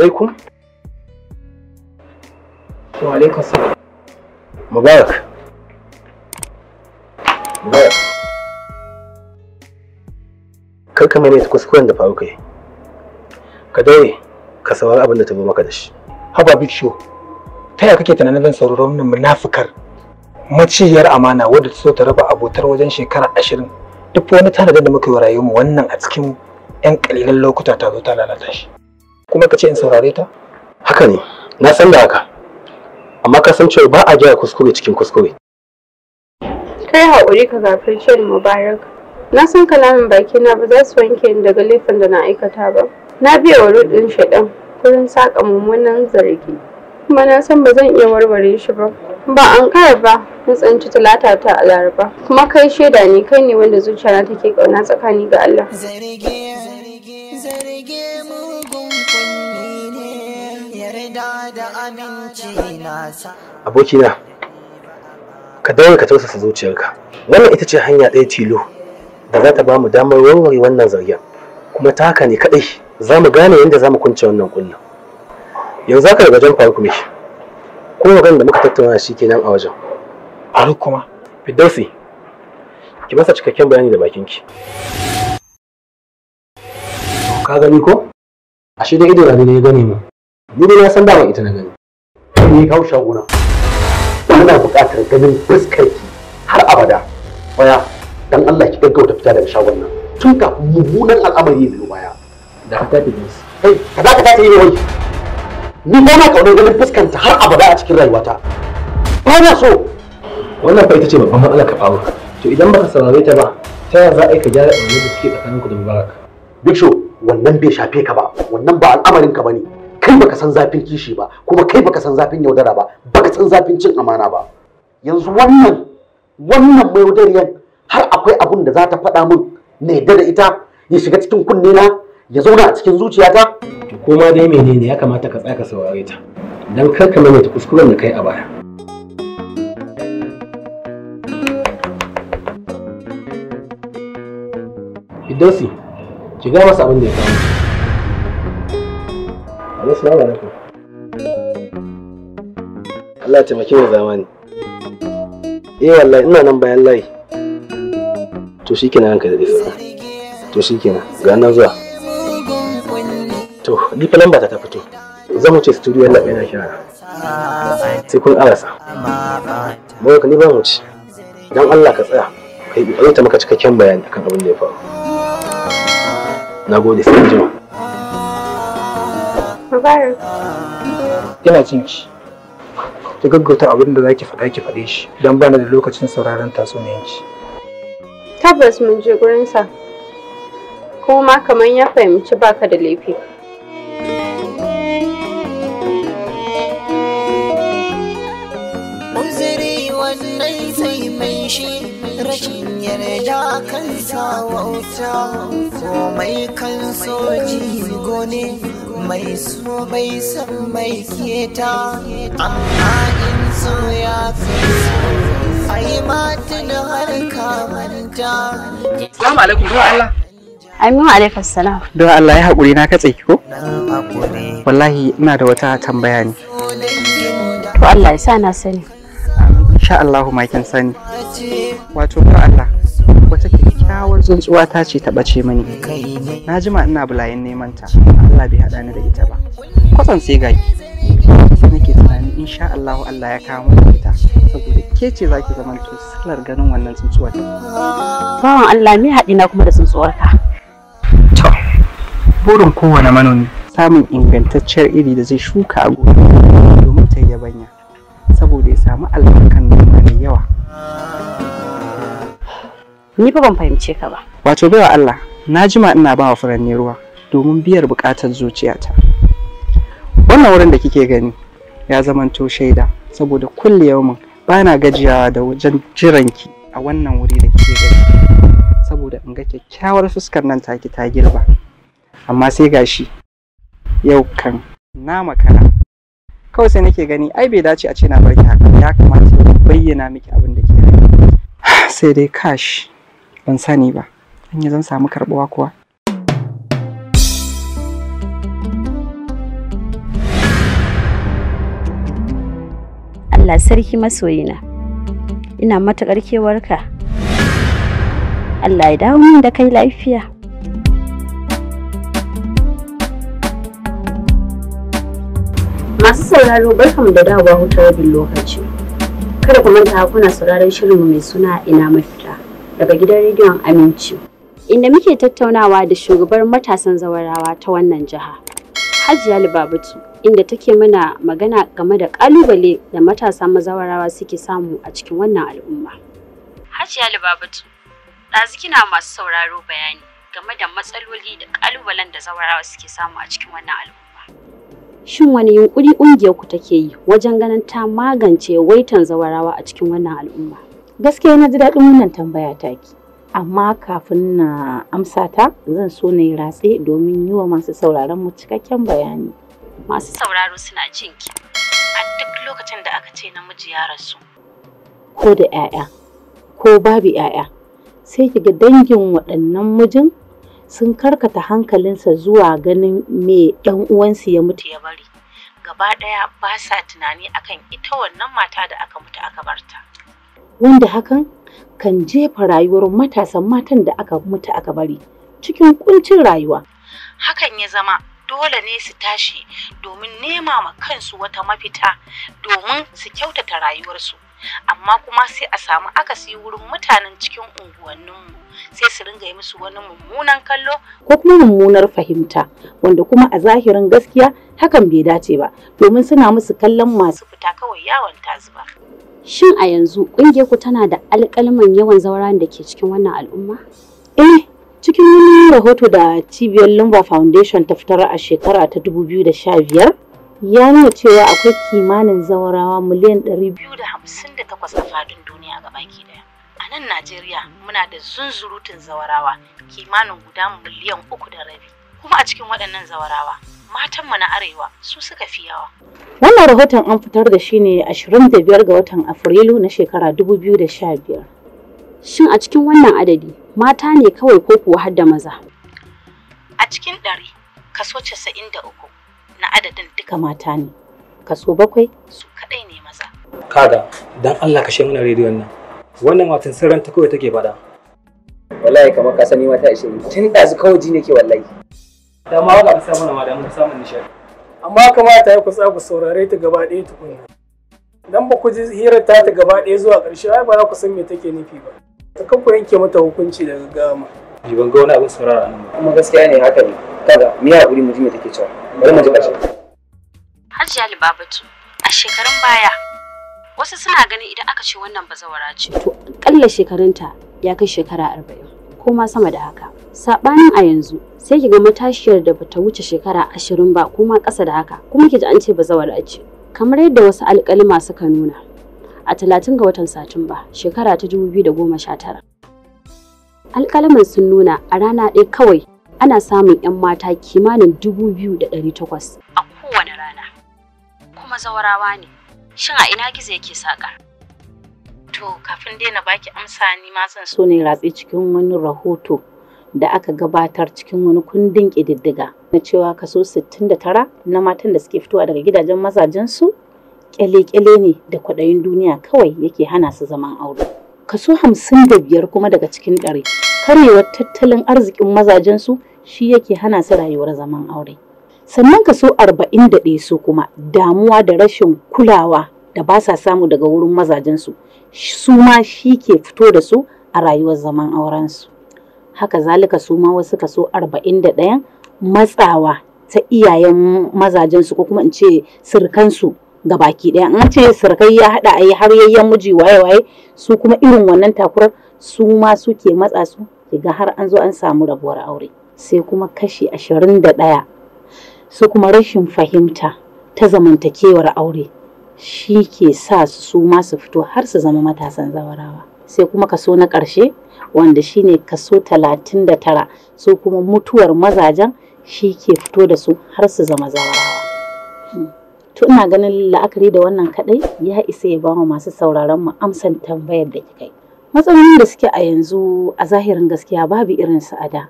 alaikum. Wa alaikum salam. Mubarak. Mubarak. Kar ka maimaita kuskuren da faru kai. Ka daure ka saurari abin da ta zo maka da shi. Haba Bikshu, ta yaya kake tunanin zan saurari wannan munafikar maciyar amana wadda ta so ta raba abotar wajen shekara ashirin duk wani tanadin da muka yi wa rayuwarmu wannan a cikin 'yan kalilan lokuta ta zo ta lalata shi. kuma ka ce in saurare ta haka ne na san da haka amma ka san cewa ba a jira kuskure cikin kuskure kai haƙuri ka gafin shan mubarak na san kalamin baki na ba za su wanke ni daga laifin da na aikata ba na biya wa rudin shaɗan wurin saƙa mummunan zargi kuma na san ba zan iya warware shi ba ba an kara ba na tsanci talata ta a laraba kuma kai shaida ne kai ne wanda zuciya take ƙauna tsakani ga Allah abokina ka daure ka tausasa zuciyarka wannan ita ce hanya ɗaya tilo da za ta ba mu damar warware wannan zargen kuma ta haka ne kaɗai za mu gane yadda za mu kunce wannan kullum yanzu haka daga jan faru kuma ko magana da muka tattauna shi kenan a wajen faru kuma fiddausi ki masa cikakken bayani da bakinki ka gani ko ashe da ido ne ya gane mu Ni na san dama ita na gani. Ni kawo shaguna. Ina buƙatar ganin fuskar ki har abada. Waya dan Allah ki gaggauta fita daga shagon nan. Tun ka mummunan al'amari ya biyo baya. Da ka tafi ne. Kai, ka za ka tafi ne wai. Ni ba na kaunar ganin ta har abada a cikin rayuwata. Ba na so. Wannan fa ita ce babban matsalar ka faru. To idan baka saurare ta ba, ta yaya za a yi ka gyara ɗan da suke tsakaninku da Mubarak? Biksho, wannan bai shafe ka ba, wannan ba al'amarin ka ba ne. kai baka san zafin kishi ba kuma kai baka san zafin yaudara ba baka san zafin cin amana ba yanzu wannan wannan mai mayaudariyan har akwai abun da za ta faɗa min na yadda da ita ya shiga cikin kunne na ya zauna a cikin zuciyata ko dai menene ya kamata ka tsaya ka saurare ta dan kar ka maimaita kuskuren da kai a baya Fidansi, ki ga masa abin da ya kawo. Assalamu alaikum. Allah ya taimake mu zamani. Eh wallahi ina nan bayan layi. To shikenan ranka da dafa. To shikenan ga nan zuwa. To ni fa lamba ta ta fito. mu ce studio Allah yana kira. Sai kun arasa. Mu ka ni ba mu ci. Dan Allah ka tsaya. Kai ta maka cikakken bayani akan abin da ya faru. Na gode sai jima. Mubarak. Ina jin ki. Ki gaggauta abin da zaki faɗa ki faɗe shi don bana da lokacin sauraron tatsuniyanci Tabbas mun je gurinsa. Kuma kamar ya fahimci baka da laifi. wannan sai mai shi rashin yarda kan sa wauta komai kan soji gone mai so bai san mai keta amma in so ya fi so ai matin har ka manta Assalamu alaikum don Allah Aminu alaikum salam don Allah ya haƙuri na katse ki ko wallahi ina da wata tambaya ne to Allah ya sa na sani insha Allahu ma kin sani wato ko Allah wata kyakkyawar tsuntsuwa ta ce ta ɓace mani na jima ina bulayen neman ta Allah bai haɗa ni da ita ba kwatsan sai gai sai nake tunani insha Allah Allah ya kawo mu ita saboda ke ce zaki zama to sallar ganin wannan tsuntsuwar bawan Allah me haɗi na kuma da tsuntsuwar ka to burin kowane manomi samun ingantacciyar iri da zai shuka a gobe domin ta yabanya saboda ya samu albarkan noma mai yawa Ni ba ban fahimce ka ba. Wato baiwa Allah, na jima ina ba wa furanni ruwa domin biyar bukatar zuciyata. Wannan wurin da kike gani ya zamanto shaida saboda kulle yaumin ba na gajiyawa da wajen jiranki a wannan wuri da kike gani. Saboda in ga kyakkyawar fuskar nan take ta girba. Amma sai gashi yau kan na makara. Kawai sai nake gani ai bai dace a ce na barki haka ya kamata bayyana miki abin da ke sai dai kashi ban sani ba An yi zan samu karbuwa kuwa Allah sarki masoyina ina matuƙar kewarka Allah ya dawo min da kai lafiya masu sauraro barkamu da dawowa hutawar lokaci kada ku manta kuna sauraron shirinmu mai suna ina mafi daga gidan rediyon Aminci. Inda muke tattaunawa da shugabar matasan zawarawa ta wannan jiha. Hajiya Libabutu inda take mana magana game da kalubale da matasan mazawarawa suke samu a cikin wannan al'umma. Hajiya Libabutu, ɗazu kina masu sauraro bayani game da matsaloli da kalubalen da zawarawa suke samu a cikin wannan al'umma. Shin wani yunkuri ƙungiyarku take yi wajen ganin ta magance waitan zawarawa a cikin wannan al'umma? gaskiya na ji daɗin wannan tambaya ta taki amma kafin na amsa ta zan so na yi ratse domin yi wa masu sauraron mu cikakken bayani masu sauraro suna jinki a duk lokacin da aka ce namiji ya rasu ko da 'ya'ya ko babu 'ya'ya sai kiga dangin waɗannan mijin sun karkata hankalinsa zuwa ganin me ɗan uwansu ya mutu ya bari gaba ɗaya ba sa tunani akan ita wannan mata da aka mutu aka barta. wanda hakan kan jefa rayuwar matasan matan da aka mutu aka bari cikin kuncin rayuwa. Hakan ya zama dole ne su tashi domin nema ma kansu wata mafita domin su kyautata rayuwarsu. Amma kuma sai a samu akasi wurin mutanen cikin unguwanninmu sai su ringa yi musu wani mummunan kallo ko kuma mummunar fahimta wanda kuma a zahirin gaskiya hakan bai dace ba domin suna musu kallon masu fita kawai yawon tazuba. Shin a yanzu ƙungiyar ku tana da alƙalman yawan zauren da ke cikin wannan al'umma? Eh, cikin wani rahoto da cibiyar Lumba Foundation ta fitar a shekara ta 2015 ya nuna cewa akwai kimanin zaurawa miliyan 258 a fadin duniya ga baki ɗaya. A nan Najeriya muna da zunzurutun zawarawa kimanin guda miliyan uku da rabi. kuma a cikin waɗannan zawarawa matanmu na arewa su suka fi yawa. Wannan rahoton an fitar da shi ne 25 ga watan Afrilu na shekara 2015. Shin a cikin wannan adadi mata ne kawai ko kuwa har da maza? A cikin ɗari kaso 93 na adadin duka mata ne, kaso bakwai su kaɗai ne maza. Kada, don Allah kashe mana rediyon nan. Wannan watan sirran ta kawai take faɗa. Wallahi kamar ka sani mata 20 tun ɗazu kawai ji ne ke wallahi. da ma waka bisa mana ma da mun samun nishadi amma kamata ya ku tsaya ku saurare ta gaba ɗaya tukunna dan ba ku ji hirar ta ta gaba ɗaya zuwa ƙarshe ai ba za ku san me take nufi ba ta kan ku yanke mata hukunci daga gama ji ban ga wani abin saurara nan kuma gaskiya ne haka ne kaga me ya hakuri mutum take cewa bari mu ji ƙarshe Hajiya Libabatu a shekarun baya wasu suna ganin idan aka ce wannan bazawara ce to kalla shekarunta ya kai shekara arba'in ko ma sama da haka saɓanin a yanzu sai ki ga matashiyar da bata wuce shekara ashirin ba kuma ƙasa da haka kuma ki ji an ce ba bazawara ce kamar yadda wasu alƙalima suka nuna a talatin ga watan satumba shekara ta dubu biyu da goma sha tara alƙaliman sun nuna a rana ɗaya kawai ana samun 'yan mata kimanin dubu biyu da ɗari takwas a kowane rana kuma zawarawa ne shin a ina gizo yake saƙa to kafin dai na baki amsa ni ma zan so ne ratse cikin wani rahoto da aka gabatar cikin wani kundin ƙididdiga na cewa kaso 69 na matan da suke fitowa daga gidajen mazajensu ƙyale kyale ne da kwaɗayin duniya kawai yake hana su zaman aure. Kaso 55 kuma daga cikin ɗari karyewar tattalin arzikin mazajensu shi yake hana su rayuwar zaman aure. Sannan kaso 41 su kuma damuwa da rashin kulawa da ba sa samu daga wurin mazajensu su ma shi ke fito da su a rayuwar zaman aurensu. haka zalika su ma wasu kaso 41 matsawa ta iyayen mazajensu ko kuma in ce sirikansu ga baki ɗaya an ce sirkai ya haɗa a yi har yayyen miji waye waye su kuma irin wannan takurar su ma suke matsa su ga har an zo an samu rabuwar aure sai kuma kashi ashirin da 21 su kuma rashin fahimta ta zamantakewar aure shi ke sa su ma su fito har su zama matasan zawarawa sai kuma kaso na ƙarshe wanda shine kaso talatin da tara su kuma mutuwar mazajen shi ke fito da su har su zama zawarawa. Hmm. To ina ganin la'akari da wannan kaɗai ya isa ya bamu masu sauraron mu amsan tambayar da kika yi. Matsalolin da suke a yanzu a zahirin gaskiya babu irin su a da.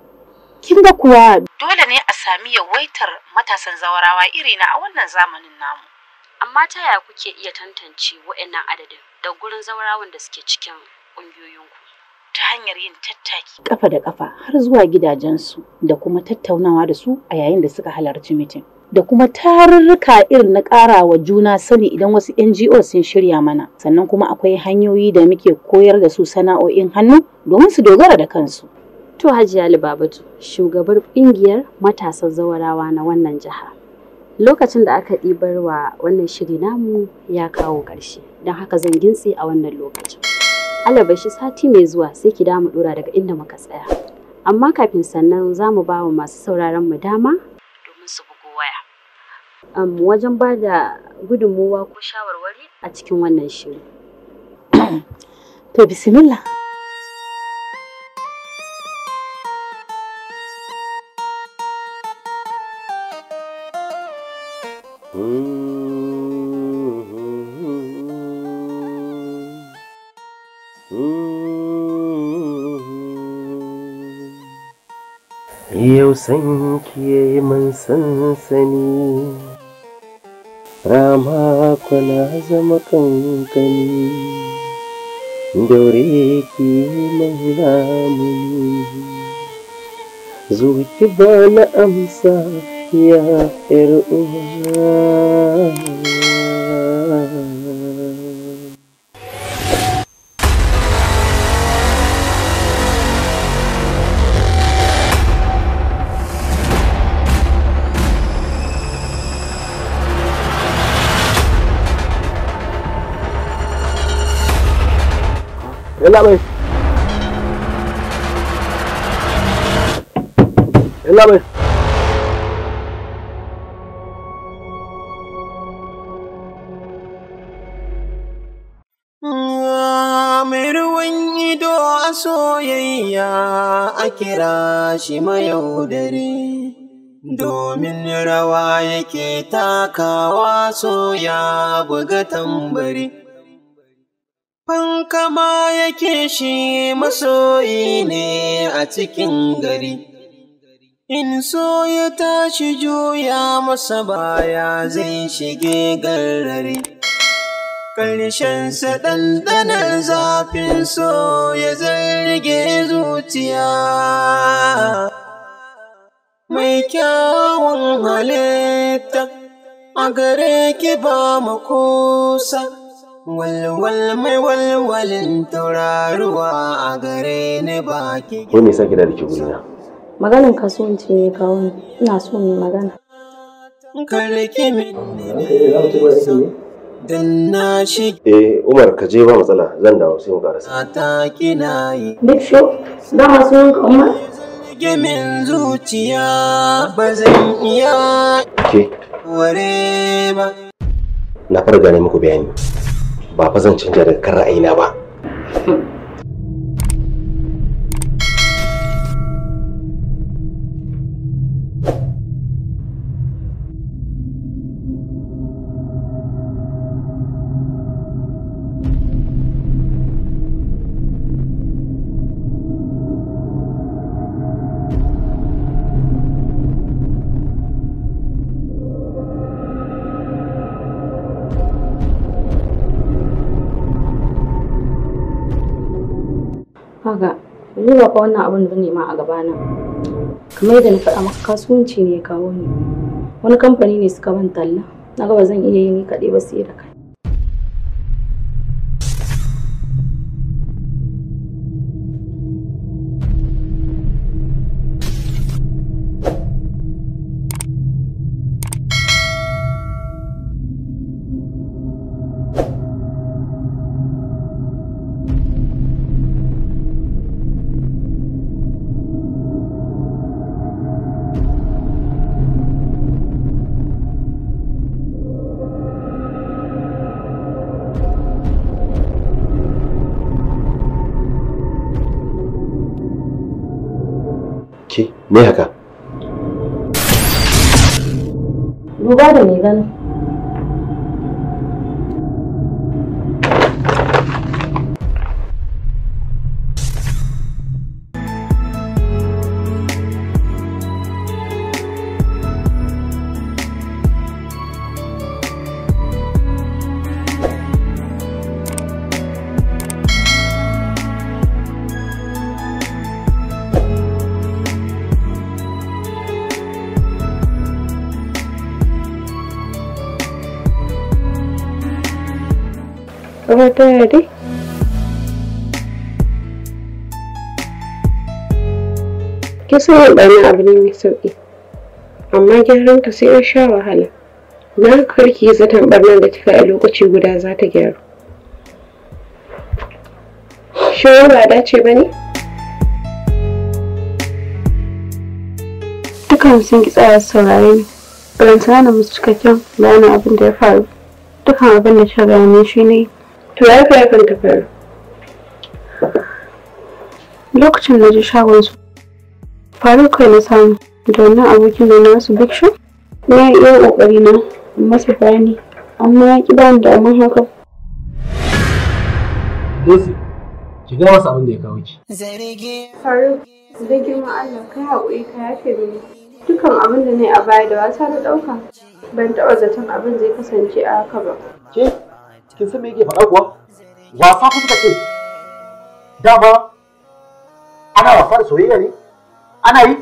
Kin ga kuwa dole ne a sami yawaitar matasan zawarawa irina a wannan zamanin namu. Amma ta yaya kuke iya tantance wa'annan adadin da gurin zawarawan da suke cikin ƙungiyoyinku ta hanyar yin tattaki kafa da kafa har zuwa gidajensu da kuma tattaunawa da su a yayin da suka halarci mitin. da kuma tarurruka irin na ƙara wa juna sani idan wasu NGO sun shirya mana sannan kuma akwai hanyoyi da muke koyar da su sana'o'in hannu domin su dogara da kansu. To Hajiya babatu shugabar ƙungiyar matasan zawarawa na wannan jiha. Lokacin da aka ɗibar wa wannan shiri namu ya kawo ƙarshe don haka zan gintse a wannan lokacin. bai shi sati mai zuwa sai ki damu dora daga inda muka tsaya amma kafin sannan za mu ba wa masu sauraron mu dama domin su bugo waya um, wajen ba da gudunmuwa ko shawarwari a cikin wannan shiri to bismillah yau san kiye mun sansani rama na zama kankani dore ki mai ramuni zuci bana amsa ya 'yar yalla bai yalla bai soyayya a kira shi mayaudari domin rawa yake takawa soya buga tambari. Fankama yake shi masoyi ne a cikin gari, in so ya tashi juya masa baya zai shige garrari. Ƙarshensa ɗanɗanar zafin so ya zarge zuciya. Mai kyawun halitta a gare ki ba makusa. Walwal mai walwalin tauraruwa a gare ni baki. Ko me yasa kira da ke gurina? Maganin kasuwanci ne kawo ni, ina so mu magana. Karki ah, ki Dan na shi. Eh Umar ka je ba matsala zan dawo sai mu karasa. Ta kina yi. Duk sho, da masu kuma. Umar. Gemin zuciya ba zan iya. Ke. Ware ba. Na fara gane muku bayani. ba fa zan canja daga kan ra'ayina ba ga ni ba fa wannan abin da nema a gabana kamar yadda na faɗa maka kasuwanci ne ya kawo ni wani kamfani ne suka ban talla na gaba zan iya yi ni kaɗai ba sai da me haka duba da mai gani gabatar da dai kisan waɗannan abu ne mai sauƙi amma gyaran ta sai ya sha wahala na karki zaton barnar da kika a lokaci guda za ta gyaru shin ba dace ba ne dukkan sun ki tsaya saurare ni balantana na musu cikakken bayanin abin da ya faru dukkan abin da ta gane shi ne to ya fi hakan ta lokacin da ji shagon su faru kai na samu da wannan abokin da nasu big show na yi iya masa bayani amma ya haka abin da ya kawo girma Allah kai haƙuri ka yafe mini. Dukan abin da ne a baya da wasa da ɗauka. Ban taɓa zaton abin zai kasance a haka ba. kin san me yake faɗa kuwa wasa ku suka ce dama ana wasa da soyayya ne ana yi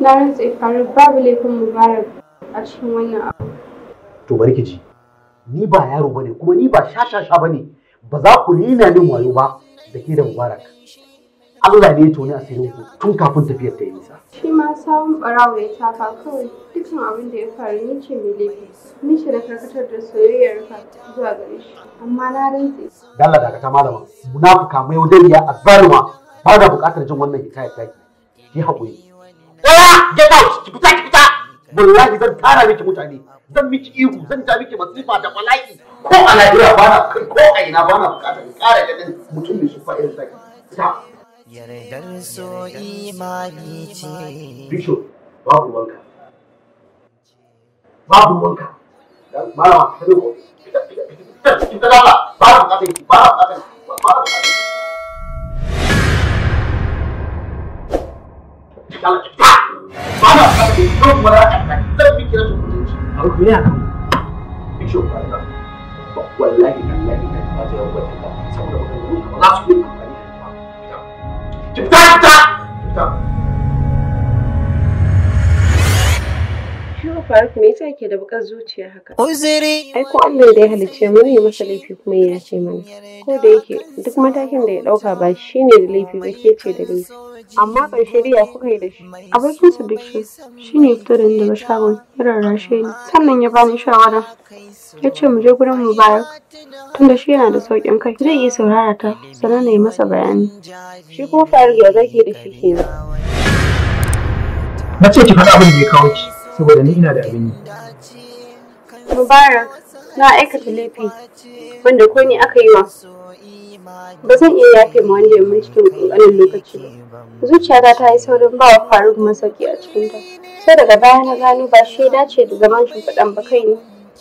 na rantse faru babu laifin mubarak a cikin wannan abu to bari ji ni ba yaro bane kuma ni ba shashasha bane ba za ku rina min wayo ba da ke da mubarak Allah ne ya toni a ku tun kafin tafiyar ta yi nisa. Shi ma samun barawo ya taka kawai dukkan abin da ya faru ni ce mai laifi ni ce na karkatar da soyayyar ka zuwa gare shi amma na rantse. Dalla da ta malama munafuka mai wadariya a zalima ba da bukatar jin wannan hikayar taki ki haƙuri. Ɗaya get out ki fita ki fita. Wallahi zan tara miki mutane zan miki ihu zan ta miki masifa da bala'i ko a Najeriya ba na ko a ina ba na buƙatar ƙara ganin mutum mai shi fa'in taki. yardar so imani ce bisho babu wanka babu wanka dan ba wa kada ko kita kita kita ba ba ka ba ba ka ba ba ka dala ta ba ba ka ko don mara ka ta bi kira to kunci a ku ne akan bisho ba wallahi kallahi ka ba ta yawa ta saboda ba ka ba za su yi Ki fita! Faruk me yasa yake da bukar zuciya haka? Uzuri. Ai ko Allah da ya halicce mu masa laifi kuma ya ce mana. Ko da yake duk matakin da ya dauka ba shine da laifi ba ke ce da laifi. Amma ban dai kuka yi da shi. Abokin su shi Shoes shine ya fito da ni daga shagon ya rarrashe ni sannan ya bani shawara ya ce mu je gurin mubarak tunda shi yana da sauƙin kai zai iya saurara ta sannan na yi masa bayani shi kuma faru ya zage da shi kenan na ce ki faɗa abin da ya kawo ki saboda ni ina da abin yi mubarak na aikata laifi wanda ko ni aka yi wa ba zan iya yafe ma wanda ya mun cikin ƙanƙanin lokaci ba zuciyata ta yi saurin ba wa faruk masauki a cikinta sai daga baya na gano ba shi dace da zaman shimfiɗan ba kai ne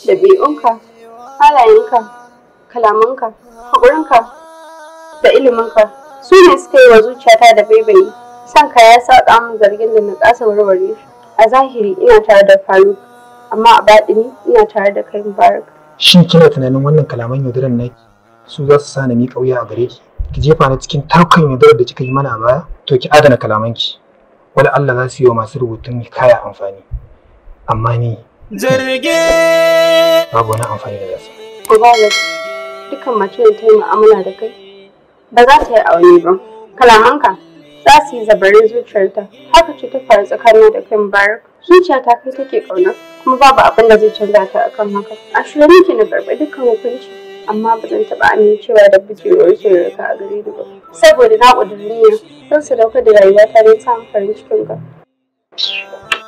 ɗabi'unka halayenka kalamanka haƙurinka da iliminka su ne suka yi wa zuciyata da baibayi sanka ya saƙa min zargin da na ƙasa warware a zahiri ina tare da faruk amma a baɗini ina tare da kai mubarak shin kina tunanin wannan kalaman yaudaran naki su za su sa na miƙa wuya a gare ki ki jefa na cikin tarkon yaudarar da kika yi mana a baya to ki adana kalamanki wani Allah za su yi wa masu rubutun kaya amfani amma ni Jirge! Babu wani amfani da zafi. Ubalas, dukkan mace ta yi mu'amala da kai, ba za ta yi aure ba. Kalamanka za su yi zabarin zuciyarta, haka ce ta faru tsakanin da kai Mubarak. Zuciya ta kai take ƙauna, kuma babu abin da zai canza ta akan haka. A shirye nake na karɓi dukkan hukunci, amma ba zan taɓa amincewa da bujewar shirarka a gare ni ba. Saboda na don su sadaukar da rayuwa rayuwata ta samun farin cikinka.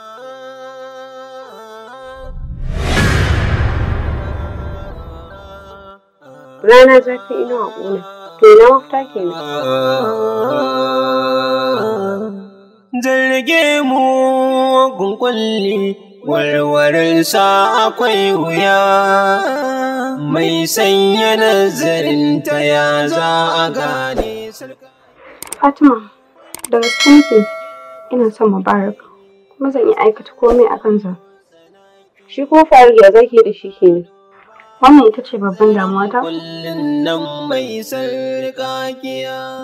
rana zafi ina a ƙuna to ina mafita kenan jirge mu gunkulli warwarin sa akwai wuya mai sanya nazarin ta ya za a gane fatima da gaske ina son mubarak kuma zan yi aikata komai kan sa shi ko faru ya zaki da shi ke kenan wannan ita ce babban damuwa ta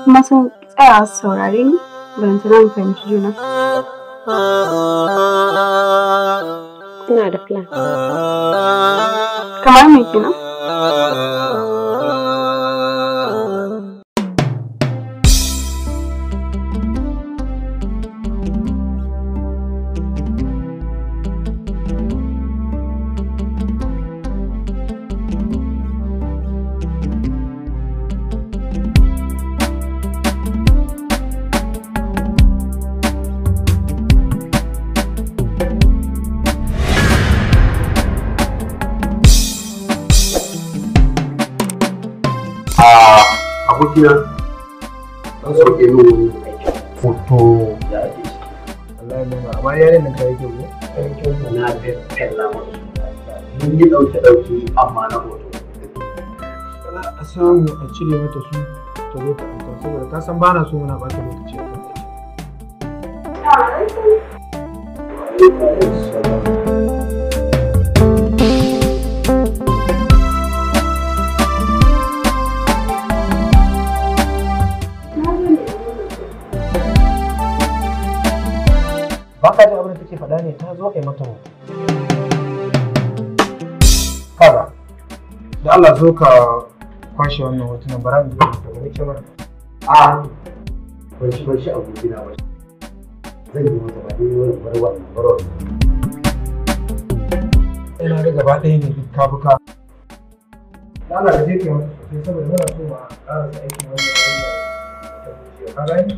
kuma sun tsaya saurari saurare tunan fahimci juna ina da plan kamar mai kina ah. abokina an sauke min wani foto Allah ya nuna amma nan kai kai na da kalla mun yi dauke amma na a samu a cire mata su ta zo ta saboda san bana so muna bata lokaci ba ka jin abin da take faɗa ne ta zo a yi mata hoto kaga da Allah zo ka kwashe wannan hotunan bara mu zuwa da wani kyamar a ban shi ban shi abu gina ba zan yi mata ba dai wani bar wannan bar ina da gaba ɗaya ne duk kabuka Allah ka je ke mata sosai saboda muna so ma ƙarasa aikin wannan wannan ta gujewa ka gani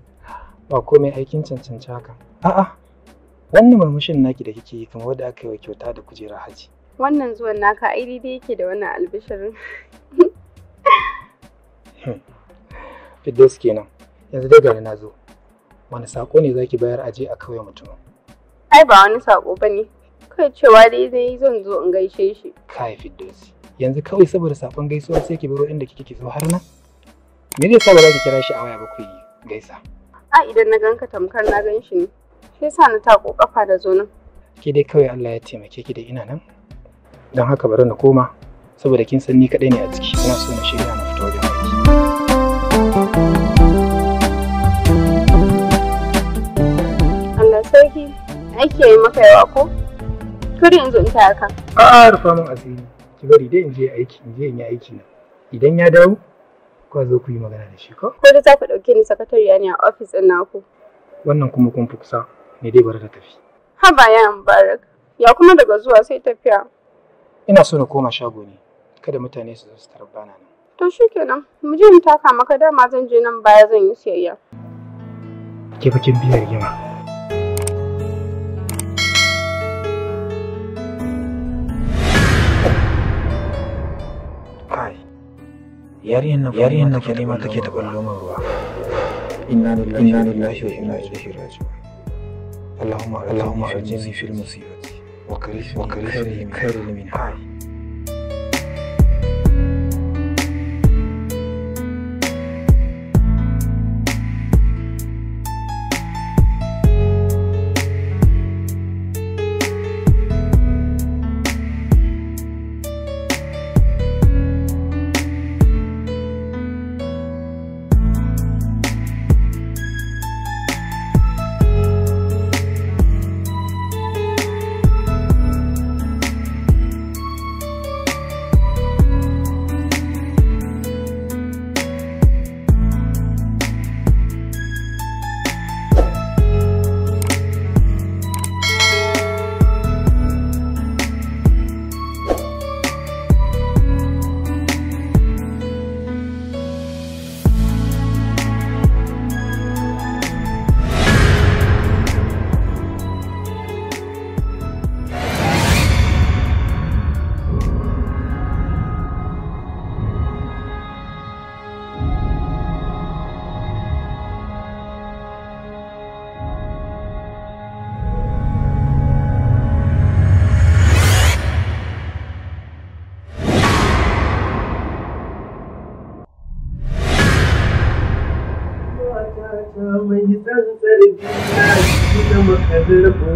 ba komai aikin cancanci haka a'a wannan murmushin naki da kike yi kamar wadda aka yi wa kyauta da kujera haji wannan zuwan naka ai daidai yake da wannan albishirin Fiddos kenan yanzu dai gani na zo wani sako ne zaki bayar aje a kauye mutumin ai ba wani sako bane kai cewa dai zai zan zo in gaishe shi kai Fiddos yanzu kawai saboda sakon gaisuwa sai ki biro inda kike ki zo har nan me zai sa ba za ki kira shi a waya ba ku gaisa a idan na ganka tamkar na gan shi ne shi yasa na tako kafa da zonin ki dai kawai Allah ya taimake ki da ina nan don haka bari na koma saboda kin san ni kadai ne a ciki ina so na shirya na fito wajen aiki Allah sarki aiki yayi maka yawa ko kuri in zo in ta haka a'a rufa min asiri ki bari dai in je aiki in je in yi aiki na idan ya dawo kuwa zo ku yi magana da shi ko? Ko da za ku ɗauke ni sakatariya ne a ofis ɗin naku. Wannan kuma kun fi kusa ne dai bari ta tafi. Haba ya Mubarak, ya kuma daga zuwa sai tafiya. Ina so na koma shago ne, kada mutane su zo su tarba na To shi kenan, mu je mu taka maka dama zan je nan baya zan yi siyayya. Ke bakin biyar gima. yariyan na fa nema take ta ballo ruwa inna lillahi wa inna ilaihi raji'un اللهم اللهم اعجزني في المصيبه وكرهني خير من حالي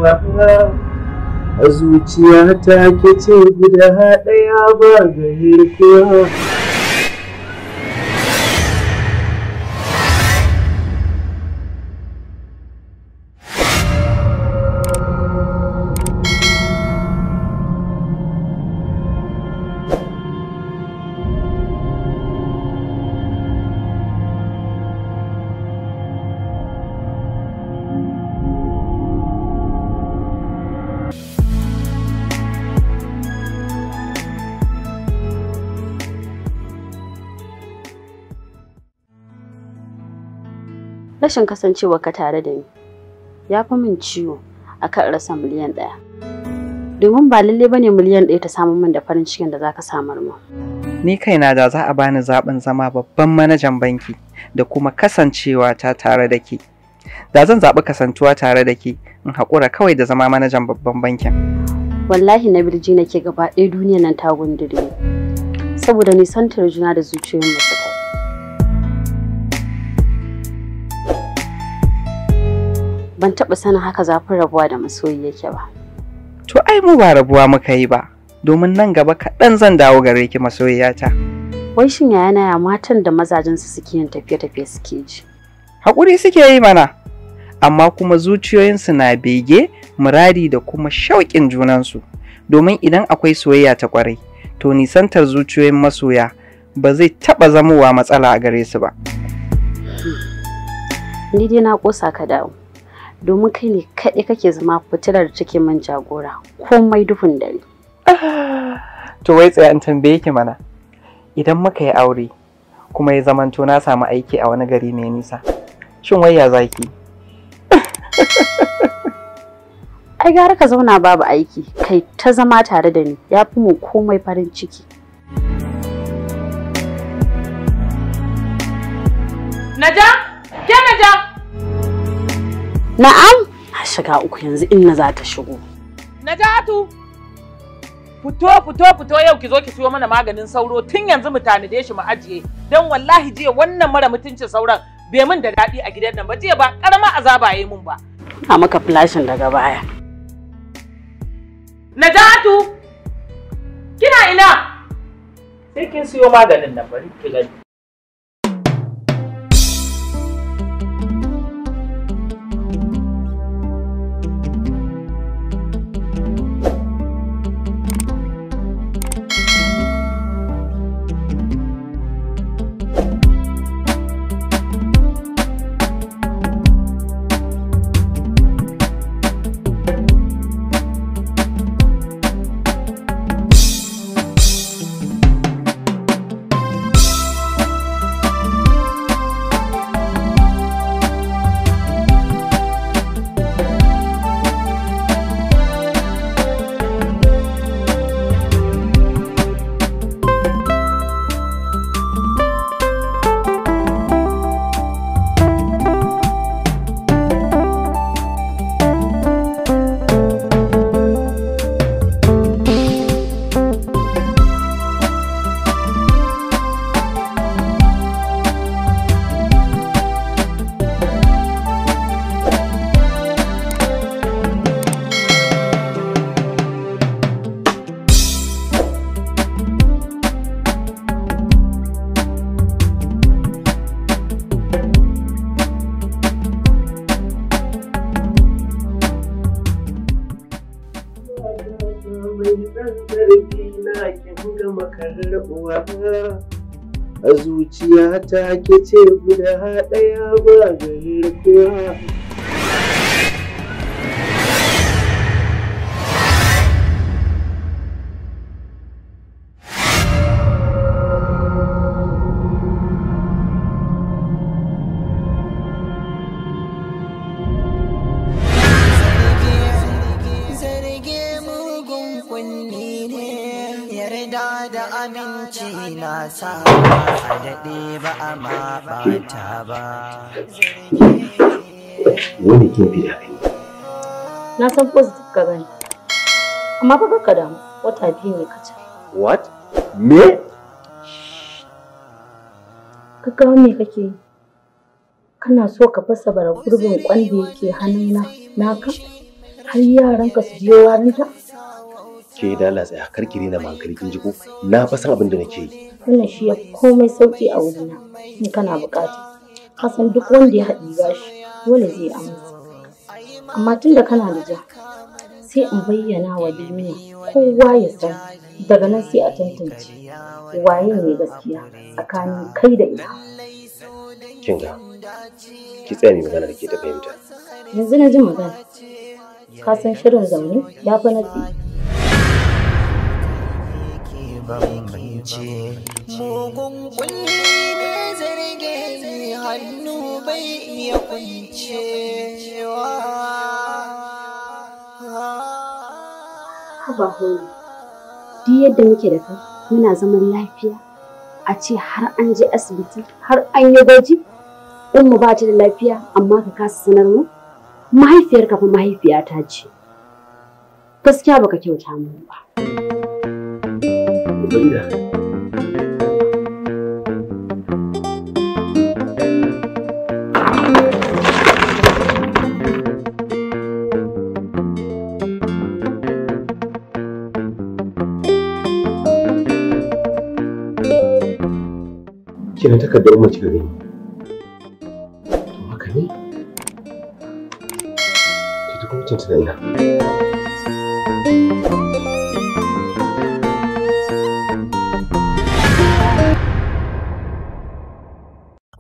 ba a zuciya ta ke ce guda ɗaya ba ga kowa rashin kasancewa ka tare da ni ya fi min ciwo a kan rasa miliyan ɗaya domin ba lalle bane miliyan ɗaya ta samu min da farin cikin da za ka samar ma. ni kaina da za a bani zaɓin zama babban manajan banki da kuma kasancewa ta tare da ke da zan zaɓi kasantuwa tare da ke in haƙura kawai da zama manajan babban bankin wallahi na birji nake gaba ɗaya duniyan nan ta gundure saboda nisantar juna da zuciyoyin mutum ban taɓa sanin haka zafin rabuwa da masoyi yake ba. To ai mu ba rabuwa muka yi ba, domin nan gaba kaɗan zan dawo gare ki masoyiyata. Wai shin yaya na ya matan da mazajensu suke yin tafiye-tafiye suke ji? Haƙuri suke yi mana, amma kuma zuciyoyinsu na bege, muradi da kuma shauƙin junansu. Domin idan akwai soyayya ta ƙwarai, to nisantar zuciyoyin masoya ba zai taɓa zamowa matsala a gare su ba. Ni dai na kosa ka dawo. domin kai ne kaɗai kake zama fitilar da take min jagora komai duhun dare. To wai tsaya in tambaye ki mana idan muka yi aure kuma ya zamanto na samu aiki a wani gari mai nisa shin wai ya zaki? Ai gara ka zauna babu aiki kai ta zama tare da ni ya fi mu komai farin ciki. Naja? Na'am? Shiga uku yanzu inna za ta shigo. Najatu! Fito fito fito yau ki zo ki siyo mana maganin sauro tun yanzu mu tanade shi mu ajiye. Dan wallahi jiya wannan mara mutuncin sauran bai mun da daɗi a gidan nan ba jiya ba karama azaba yayi mun ba. Ina maka flashin daga baya. Najatu! Kina ina? Sai kin siyo maganin nan bari ki gani. ta ke ce guda ɗaya ba garin kowa wanda kin fi daɗi na san positive ka gani amma fa ka damu wata biyu ne ka ce. what me ka kawo me kake yi kana so ka fasa bara gurbin kwanda yake hannuna naka har yaran ka su biyo waranta ke da Allah tsaya karkiri na man karkin jiko na fa san abin da nake yi wannan shi ya komai sauki a wurina in kana bukata ka san duk wanda ya haɗi bashi dole zai amince amma tun da kana da ja sai in bayyana wa duniya kowa ya san daga nan sai a tantance waye ne gaskiya tsakanin kai da ita kinga ki tsaya ne magana da ke ta fahimta yanzu na ji magana ka san shirin zaune ya fi na ce mugun kulli ne zarge hannu bai iya wa ba hori duk yadda muke da kai muna zaman lafiya a ce har an je asibiti har an yi gwaji in mu ba ta da lafiya amma ka kasa sanar mu mahaifiyarka fa mahaifiyata ce gaskiya baka kyauta mu ba. na takardar mace gare ni to haka ne ki duk mutum ina.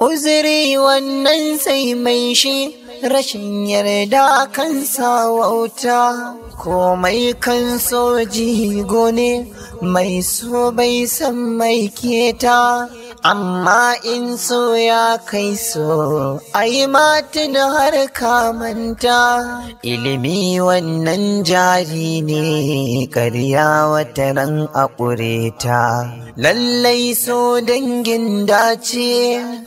Uzuri wannan sai mai shi rashin yarda kan wauta komai kan soji gone mai so bai san mai keta amma in so ya kai so ai matin har kamanta manta ilimi wannan jari ne karya wata ran a ta lallai so dangin dace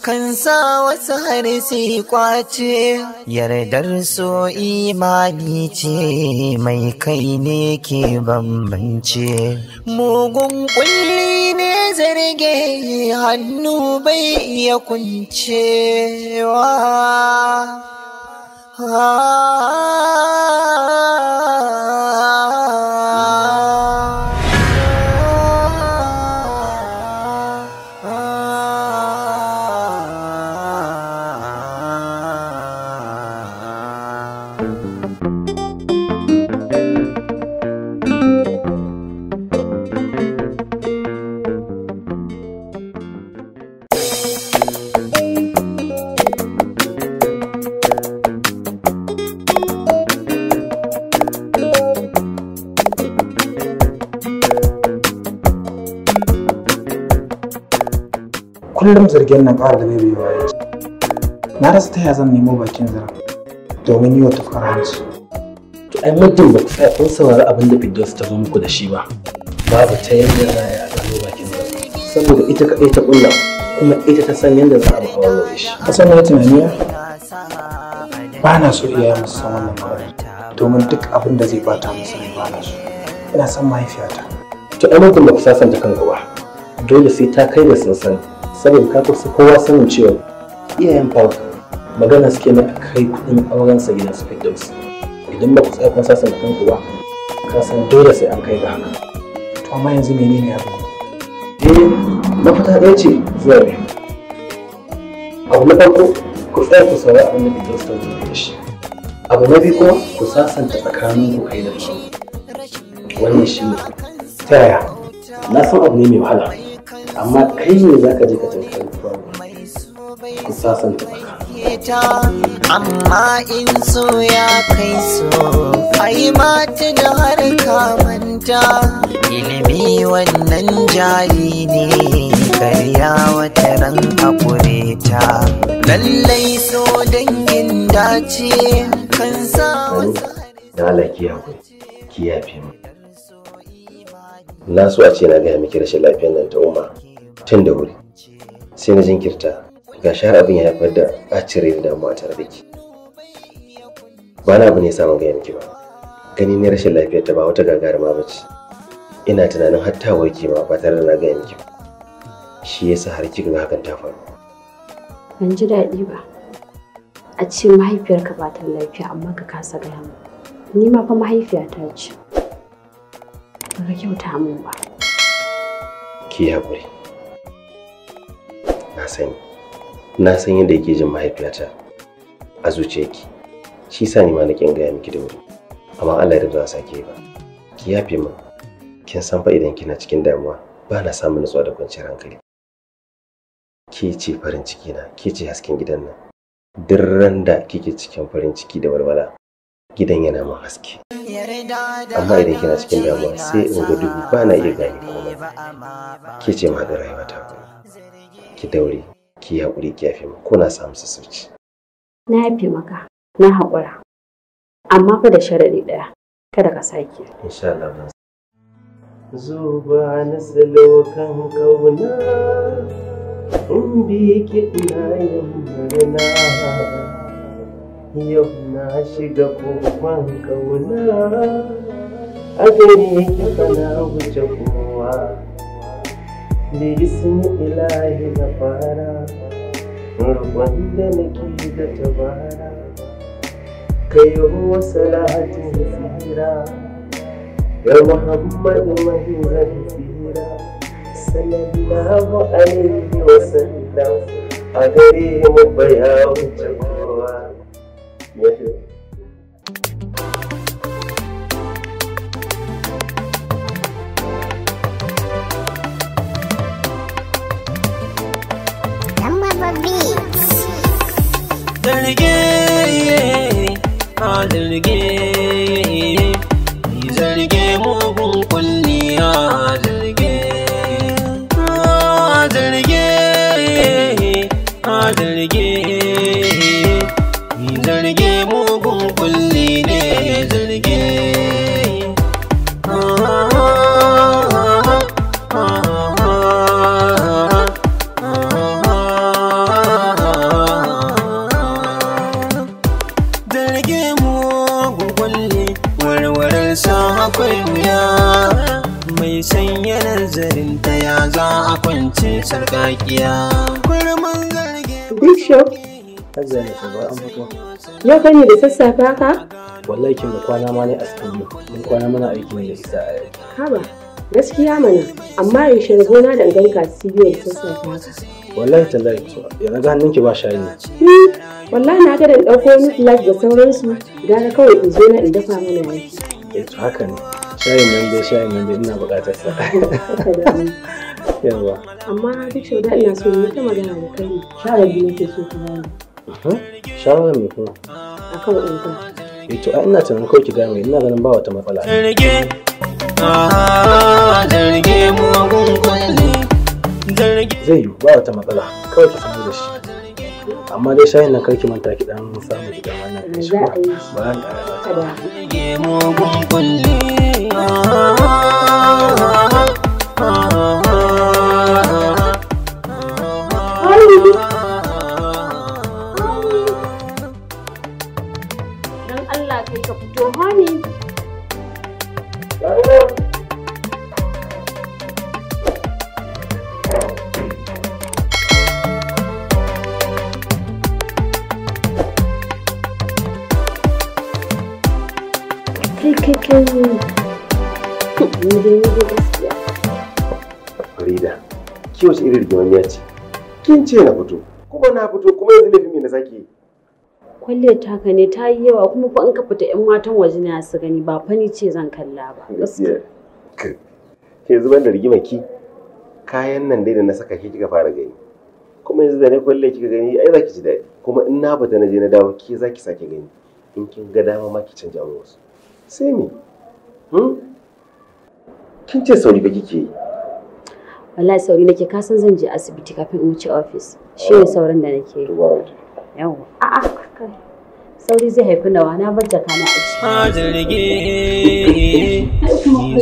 kan sa wasu har sai kwace yardar so imani ce mai kai ne ke bambance mugun kulli ne zarge hannu hannu bai iya kuncewa ah. kullum zargin nan ƙara da baibewa ya na rasa ta zan nemo bakin zara domin yi wa tafkar hanci to ai muddin ba tsaya kun saurari abin da Fiddausi ta zo muku da shi ba babu ta yadda za a yi a gano bakin zara saboda ita kaɗai ta ƙulla kuma ita ta san yadda za a ba a shi ka san wani tunani ba na so iyaye musu san wannan magana domin duk abin da zai bata musu ne ba na so ina son mahaifiyata to ai muddin ba ku ta kan gaba dole sai ta kai da sun sani saboda ka kusa kowa sanin cewa iyayen Paul magana suke na kai kuɗin auren sa gidan su Firdausi idan ba ku tsaya kun sasa kanku ba ka san dole sai an kai ga haka to amma yanzu menene abu eh mafita ɗaya ce zuwa ne abu na farko ku tsaya ku saurari abin da Firdausi ta zo da shi abu na biyu kuma ku sasanta tsakanin ku kai da shi. wannan shi ne ta yaya na san abu ne mai wahala amma kai ne za ka je ka tankari ku sasanta amma in so ya kai so ai mata da har kamanta ilimi wannan jari ne karya wata ran hakure ta lallai so dangin dace kan sa wata ki hakuri ki yafe mu na so a ce na gaya miki rashin lafiyar nan ta umma tun da wuri sai na jinkirta ga shahar abin ya haifar da ɓacin da damuwa tare da ki ba na abu ne samun gaya miki ba gani ne rashin lafiyar ta ba wata gagarima ba ce ina tunanin har ta warke ma ba tare da na gaya miki ba shi yasa har kika ga hakan ta faru ban ji daɗi ba a ce mahaifiyarka ba ta lafiya amma ka kasa gaya mu ni ma fa mahaifiyata ce ba ka kyauta min ba ki haƙuri sani na san yadda yake jin mahaifiyata a zuciyarki shi sa ni ma na kin gaya miki da wuri amma Allah ya za a sake ba ki yafe min kin san fa idan kina cikin damuwa ba na samun nutsuwa da kwanciyar hankali ke ce farin ciki na ke ce hasken gidan nan duk ran da kike cikin farin ciki da walwala gidan yana mun haske amma idan kina cikin damuwa sai in ga duhu ba na iya gane komai ke ce ma da rayuwa ta ki daure ki haƙuri ki yafe ko na samu sassauci na yafe maka na haƙura amma fa da sharaɗi ɗaya kada ka sake insha Allah ban zuba na salo kan kauna in bi ki ina yin murna yau na shiga kokon kauna a gare ki kana wuce kowa bismi ilahi na fara roƙon da nake da tabara kai ruwa salatu fira da muhammadu mahiran fira sallallahu alaihi wa sallam a gare mu bayan wuce Bishop. Hajiya ne shugaba an fito. Yau ka ne da sassafe ka? Wallahi kin da kwana ma ne a cikin mu. Mun kwana mana aiki ne da a aiki. Haba, gaskiya mana. Amma yaushe da gona da ganka studio da sassafe ka. Wallahi tallahi yanzu ga hannunki ba shayi ne. Hmm, wallahi na ga da dauko wani flag da sauransu. Gara kawai in zo na in dafa mana yaki. Eh to haka ne. Shayin nan dai shayin nan dai ina buƙatar sa. yawa amma duk sau da ina so ta magana da kai ne shawara biyu nake so ka bani shawara me kuma akan oga eh to ai ina tunanin kawai ki gaya ina ganin ba wata matsala zarge zai yi ba wata matsala kawai ki samu da shi amma dai shayin nan karki manta ki dan samu ki dan wannan kashi ba ba an ƙara ba zarge mu gungunli Ah, iri irin rigimaniya ce kin ce na fito kuma na fito kuma yanzu laifin fimi na sake yi kwalliyar taka ne ta yi yawa kuma fa in ka fita yan matan waje na su gani ba ni ce zan kalla ba ke zuban da rigimar ki kayan nan dai da na saka ki kika fara gani kuma yanzu da ne kwalle kika gani ai zaki ji daɗi kuma in na fita na je na dawo ke zaki sake gani in kin ga dama ma ki canja mu wasu sai me hmm? kin ce sauri ba kike yi wallahi sauri nake ka san zan je asibiti kafin in wuce office shi ne saurin da nake yi yawa a'a sauri zai haifi nawa na bar jaka na a zarge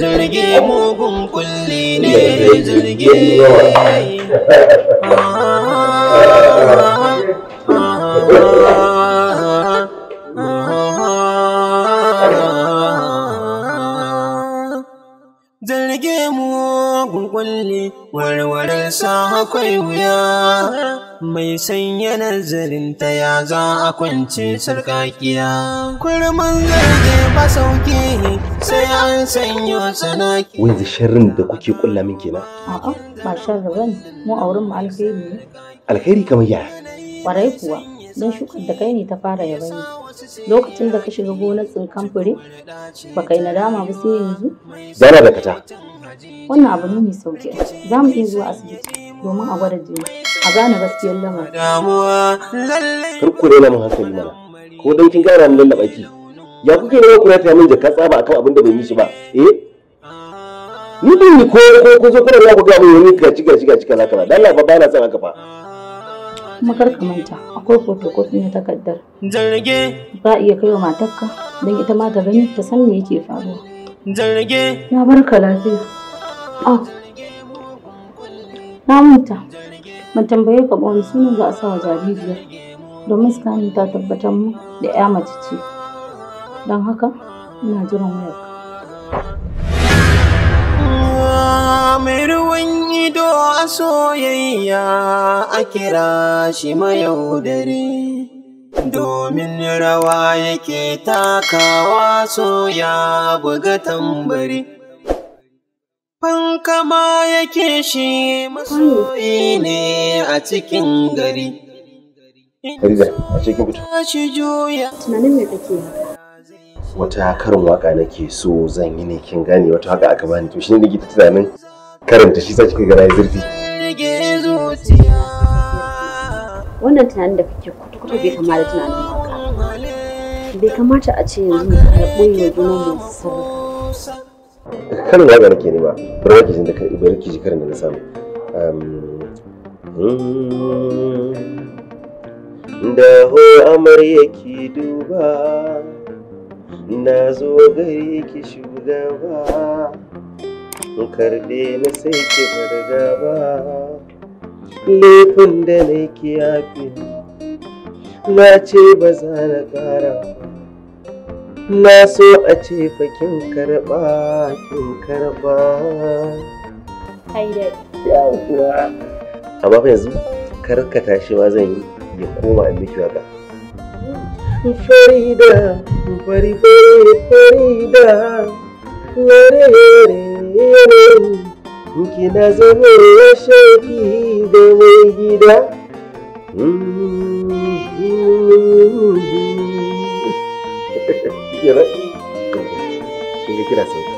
zarge mugun kulli ne zarge kulli warware sa akwai wuya mai sanya ta ya za a kwance sarkakiya kurman zarge ba sauke sai an sanyo sanaki wai sharrin da kuke kulla min kenan a'a ba sharri bane mu a wurin mu alheri ne alheri kamar ya warai kuwa don shukar da kai ne ta fara yabanya lokacin da ka shiga gonar tsinkan fure ba kai nadama ba sai yanzu zana da kata wannan abu ne mai sauki za mu iya zuwa asibiti domin a gwada jini a gane gaskiyar lamarin kar ku rena mun hankali mana ko don kin gane mun lallaba ki ya kuke ne ku rata min jaka tsaba akan abin da bai yi ba eh ni din ni ko ko ko zo kuna ku ga mun wani gaci gaci gaci kaza kaza dan Allah ba na son haka fa kuma kar ka manta akwai photocopy na takardar zarge ba iya kai wa matarka dan ita ma ta gani ta san me yake faruwa zarge na barka lafiya Ah, na manta, ban tambaye ka ba wani sunan za a sa wa jaririya domin scanning ta tabbatar mu da ya mace ce. Don haka, ina jiran wayar. Mai ruwan ido a soyayya a kira shi mayaudari. domin rawa yake takawa so buga tambari. ya yake shi masoyi ne a cikin gari. Farida, a cikin fito. Tunanin me kake Wata karin waka nake so zan yi ne kin gane wata haka aka bani to shine nake tunanin karanta shi sai kika ga rayi zurfi. Wannan tunanin da kake kwata-kwata bai kama da tunanin waka. Bai kamata a ce yanzu mu karɓo yanzu mu sarrafa karin waga nake nema bari ki jin da bari ki ji karin da na samu hmm, da ho amarya ki duba na zo gari ki shugaba karɗe na sai ki farga ba laifin da na ki yafi na ce ba za na ƙara na so a ce fa kin karba kin karba kai yawa amma fa yanzu karkata shi ma zan yi ya koma in miki waka mm. Farida, fari fari Farida, lare lare kina zama shafi da mai gida. Mm -hmm. iya raɗi sun ga kira sauka